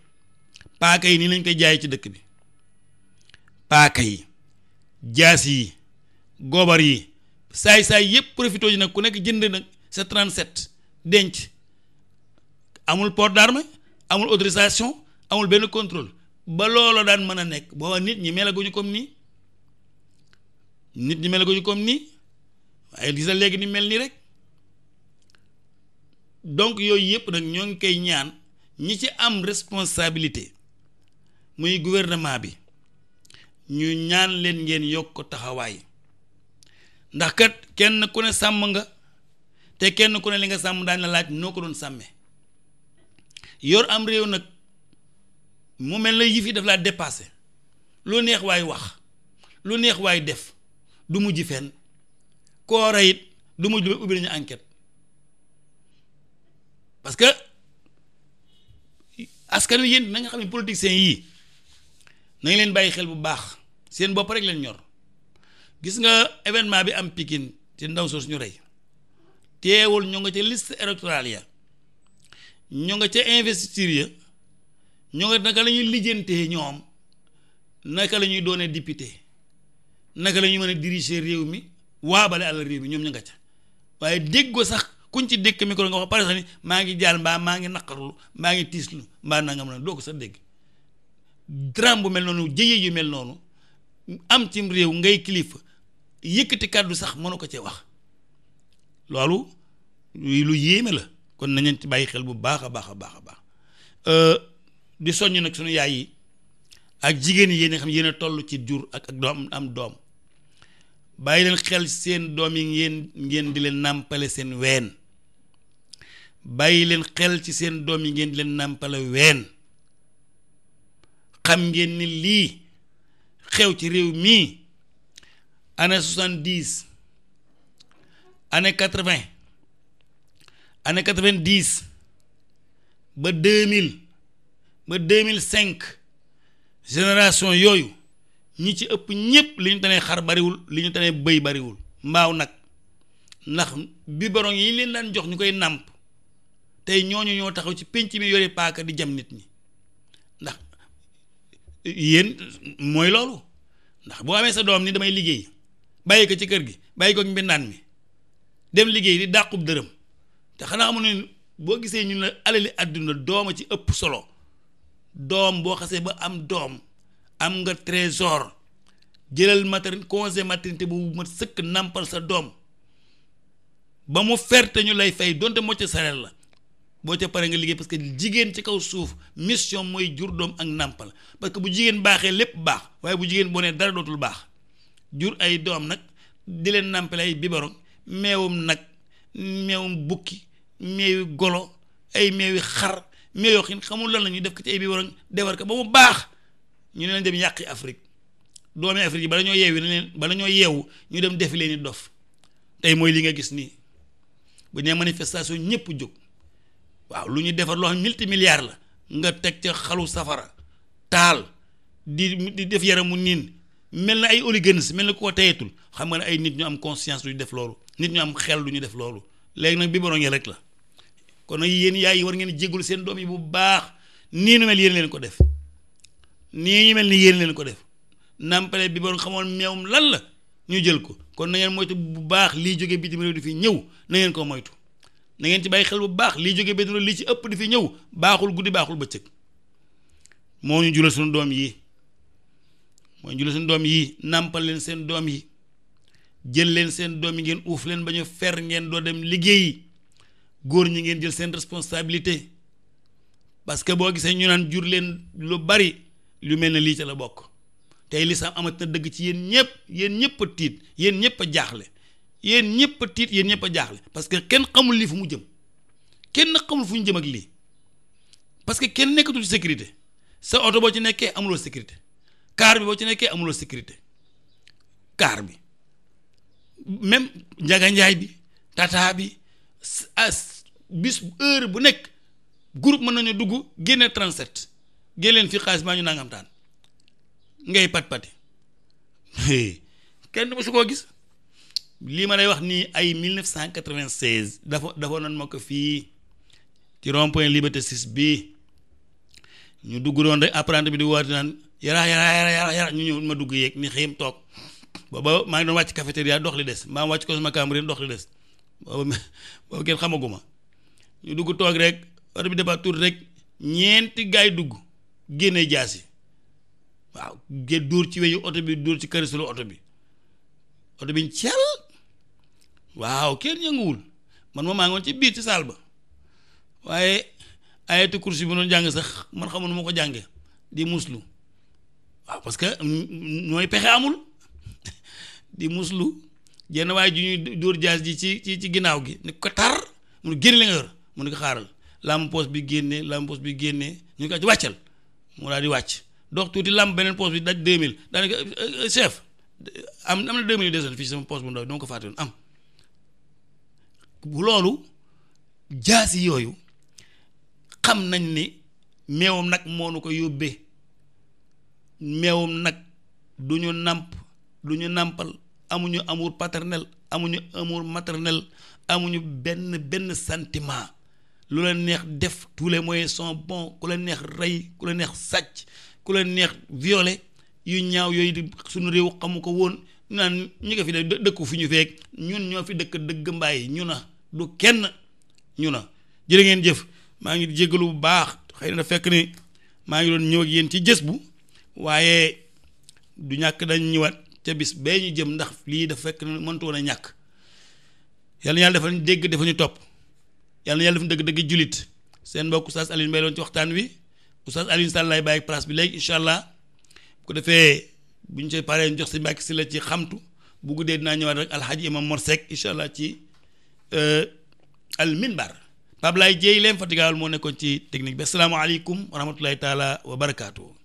paaka yi nii lañ koy jaay ci dëkk bi paaka yi jaas yi goobar yi saay-saay yëpp profité ji nag ku nekk jënd nag sa 37 denc amul port d'arme amul autorisation amul benn contrôle ba loola daan mën a nekk booba nit ñi melaguñu comme nii nit ñi melaguñu comme nii waaye gisal léegi ni mel nii rek donc yooyu yëpp nag ñoo ngi koy ñaan ñi ci am responsabilité muy gouvernement bi ñu ñaan leen ngeen yokk taxawaay ndax kat kenn ku ne sàmm nga te kenn ku ne li nga sàmm daañ la laaj noo ko doon sàmmee yor am réew nag mu mel na yii fii daf laa dépassé lu neex waay wax lu neex waay def du mujj fenn koo rey it du mujj ba ubbi nañu enquête parce que askan wi yéen na yi xam ne yii nañ leen bàyyi xel bu baax seen bopp rek leen ñor. gis nga événement bi am pikin ci ndaw soosu ñu rey teewul ñu nga ca list électorale ya ñu nga ca investiture ya ñu nga naka la ñuy ñoom naka lañuy ñuy doone député naka la ñuy mën a diriger réew mi waabale alal réew mi ñoom ñu nga ca waaye ko sax kuñ ci dékk micro nga wax pare sax ni maa ngi jaal mbaa maa ngi naqarlu maa ngi tiislu mbaa nangam la doo ko sa dégg drame bu mel noonu jëye yu mel noonu am cim réew ngay kilifa yëkkati kàddu sax mënu ko cee wax loolu lu yéeme la kon nañu ci bàyyi xel bu baax a baax a baax a baax euh, di soññ nag sunu yaay yi ak jigéen yi yéen xam yéen a toll ci jur ak ak doom am doom bàyyi leen xel seen doom yi ngeen ngeen di leen nàmpale seen ween bàyyi leen xel ci seen doom yi ngeen di leen nàmpale ween xam ngeen ni lii xew ci réew mii année soixante dix année quatre vingt année quatre vingt dix ba deux mille ba deux mille cinq génération yooyu ñi ci ëpp ñëpp li ñu tanee xar bariwul li ñu tanee bëy bariwul mbaaw nag ndax biberon yi leen daan jox ñu koy nàmp tey ñooñu ñoo taxaw ci pénc mi yore paaka di jam nit ñi ndax yéen mooy loolu ndax boo amee sa doom ni damay liggéey bàyyi ko ci kër gi bàyyi ko mbindaan mi dem liggéey di dàqub dërëm te xanaa amu ne boo gisee ñu ne alali àdduna dooma ci ëpp solo doom boo xasee ba am doom am nga trésor jëlal maternité congé maternité bu ma sëkk nàmpal sa doom ba mu ferte ñu lay fay donte moo ca salaire la boo ca pare nga liggéey parce que jigéen ci kaw suuf mission mooy jur doom ak nàmpal parce que bu jigéen baaxee lépp baax waaye bu jigéen boo nee dara dootul baax jur ay doom nag di leen nàmpale ay biberon meewum nag meewum bukki meewi golo ay meewi xar meew yoo xamul lan la ñuy def ko ci ay biberon defar ko ba mu baax ñu ne leen dem yàqi Afrique doomi Afrique yi bala ñoo yeewu ne leen ñu dem defi leen i dof tey mooy li nga gis nii bu nee manifestation ñëpp jóg waaw lu ñu defar loo xam multi milliards la nga teg ca xalu safara taal di di def yaramu niin mel na ay oliganisme mel na koo teyetul xam nga ne ay nit ñu am conscience du ñu def loolu nit ñu am xel du ñu def loolu léegi nag biberon yi rek la kon nag yéen yaay yi war ngeen jégalu seen doom yi bu baax nii nu mel yéen leen ko def nii ñu mel ni yéen leen ko def nampale biberon xamoon meewum lan la ñu jël ko kon na ngeen moytu bu baax lii jógee bitim réew di fi ñëw na ngeen ko moytu na ngeen ci bàyyi xel bu baax lii jóge bitim réew lii ci ëpp di fi ñëw baaxul guddi baaxul bëccëg moo ñu jural suñu doom yi mooy njula seen doom yi nàmpal leen seen doom yi jël leen seen doom yi ngeen uuf leen ba ñu fer ngeen doo dem liggéeyi góor ñi ngeen jël seen responsabilité parce que boo gisee ñu naan jur leen lu bari lu mel ne lii ca la bokk tey lislaam amat na dëgg ci yéen ñëpp yéen ñëpp a tiit yéen ñëpp a jaaxle yéen ñëpp a tiit yéen ñëpp a jaaxle parce que kenn xamul lii fu mu jëm kenn xamul fu ñu jëm ak lii parce que kenn nekkatul sécurité sa oto boo ci nekkee amuloo sécurité car bi boo ci nekkee amuloo sécurité car bi même njaganjaay bi tata bi as bis heure bu nekk groupe mën nañu dugg génne 37 génne leen fii xaalis maa ñu nangam ngay pat pati kenn su koo gis lii ma lay wax nii ay 1996 dafa dafa nan ma ko fii ci rond point liberté 6 bi ñu dugg doon rek apprenti bi di woote naan. yara yara yara yara ñu ñëw ma dugg yeeg ni xëyam toog booba maa ngi doon wàcc cafétéria dox li des maa ngi wàcc ko sama kàmb dox li des booba booba kenn xamaguma ñu dugg toog rek oto bi dafa tuur rek ñeenti gaay dugg génnee jaasi waaw gé dóor ci weyu oto bi dóor ci karisulu oto bi oto bi cel waaw kenn yënguwul man moom maa ngoon ci biir ci saal ba waaye ayatu kursi bi noonu jàng sax man xamul ma ko jànge di muslu waaw ah, parce que ñooy pexe amul di muslu jenn waaye ju ñuy dóor jaas ji ci ci ci ginnaaw gi ni ko tar mu génne li nga yor mu ne xaaral làmb poos bi génnee làmb poos bi génnee ñu ko ci wàccal mu daal di wàcc dox tuuti làmb beneen poos bi daj deux mille daanaka euh, euh, chef am na deux mille yu desoon fii sama poos bu ndaw doo ko fàtte woon am bu loolu jaas yooyu xam nañ ni meewam nag moo nu ko yóbbee meewum nag du ñu nàmp du ñu nàmpal amuñu amour paternel amuñu amour maternel amuñu benn benn sentiment lu la neex def tous les moyens sont bons ku la neex rey ku la neex sàcc ku la neex violer yu ñaaw yooyu di suñu réew xamu ko woon naan ñi nga fi de dëkku fi ñu feek ñun ñoo fi dëkk dëgg mbaay ñu na du kenn ñu na jërë ngeen jëf maa ngi jégalu bu baax xëy na fekk ni maa ngi doon ñëw ak yéen ci jës bu waaye du ñàkk dañ ñëwaat ca bis bee ñu jëm ndax lii dafa fekk mëntu woon a ñàkk yal na yàlla dafa dégg dafa ñu topp yal na yàlla dafa ñu dëgg dëgg jullit seen mbokk Oustaz Alioune Mbaye doon ci waxtaan wi Oustaz Alioune Sall laay bàyyi place bi léegi incha allah bu ko defee bu ñu paree ñu jox si mbàkk si la ci xamtu bu guddee dinaa ñëwaat rek alxaaji imam Mor Seck incha allah ci euh, al minbar Pape Laye Dieye leen fatigawal moo nekkoon ci technique bi asalaamaaleykum wa rahmatullahi taala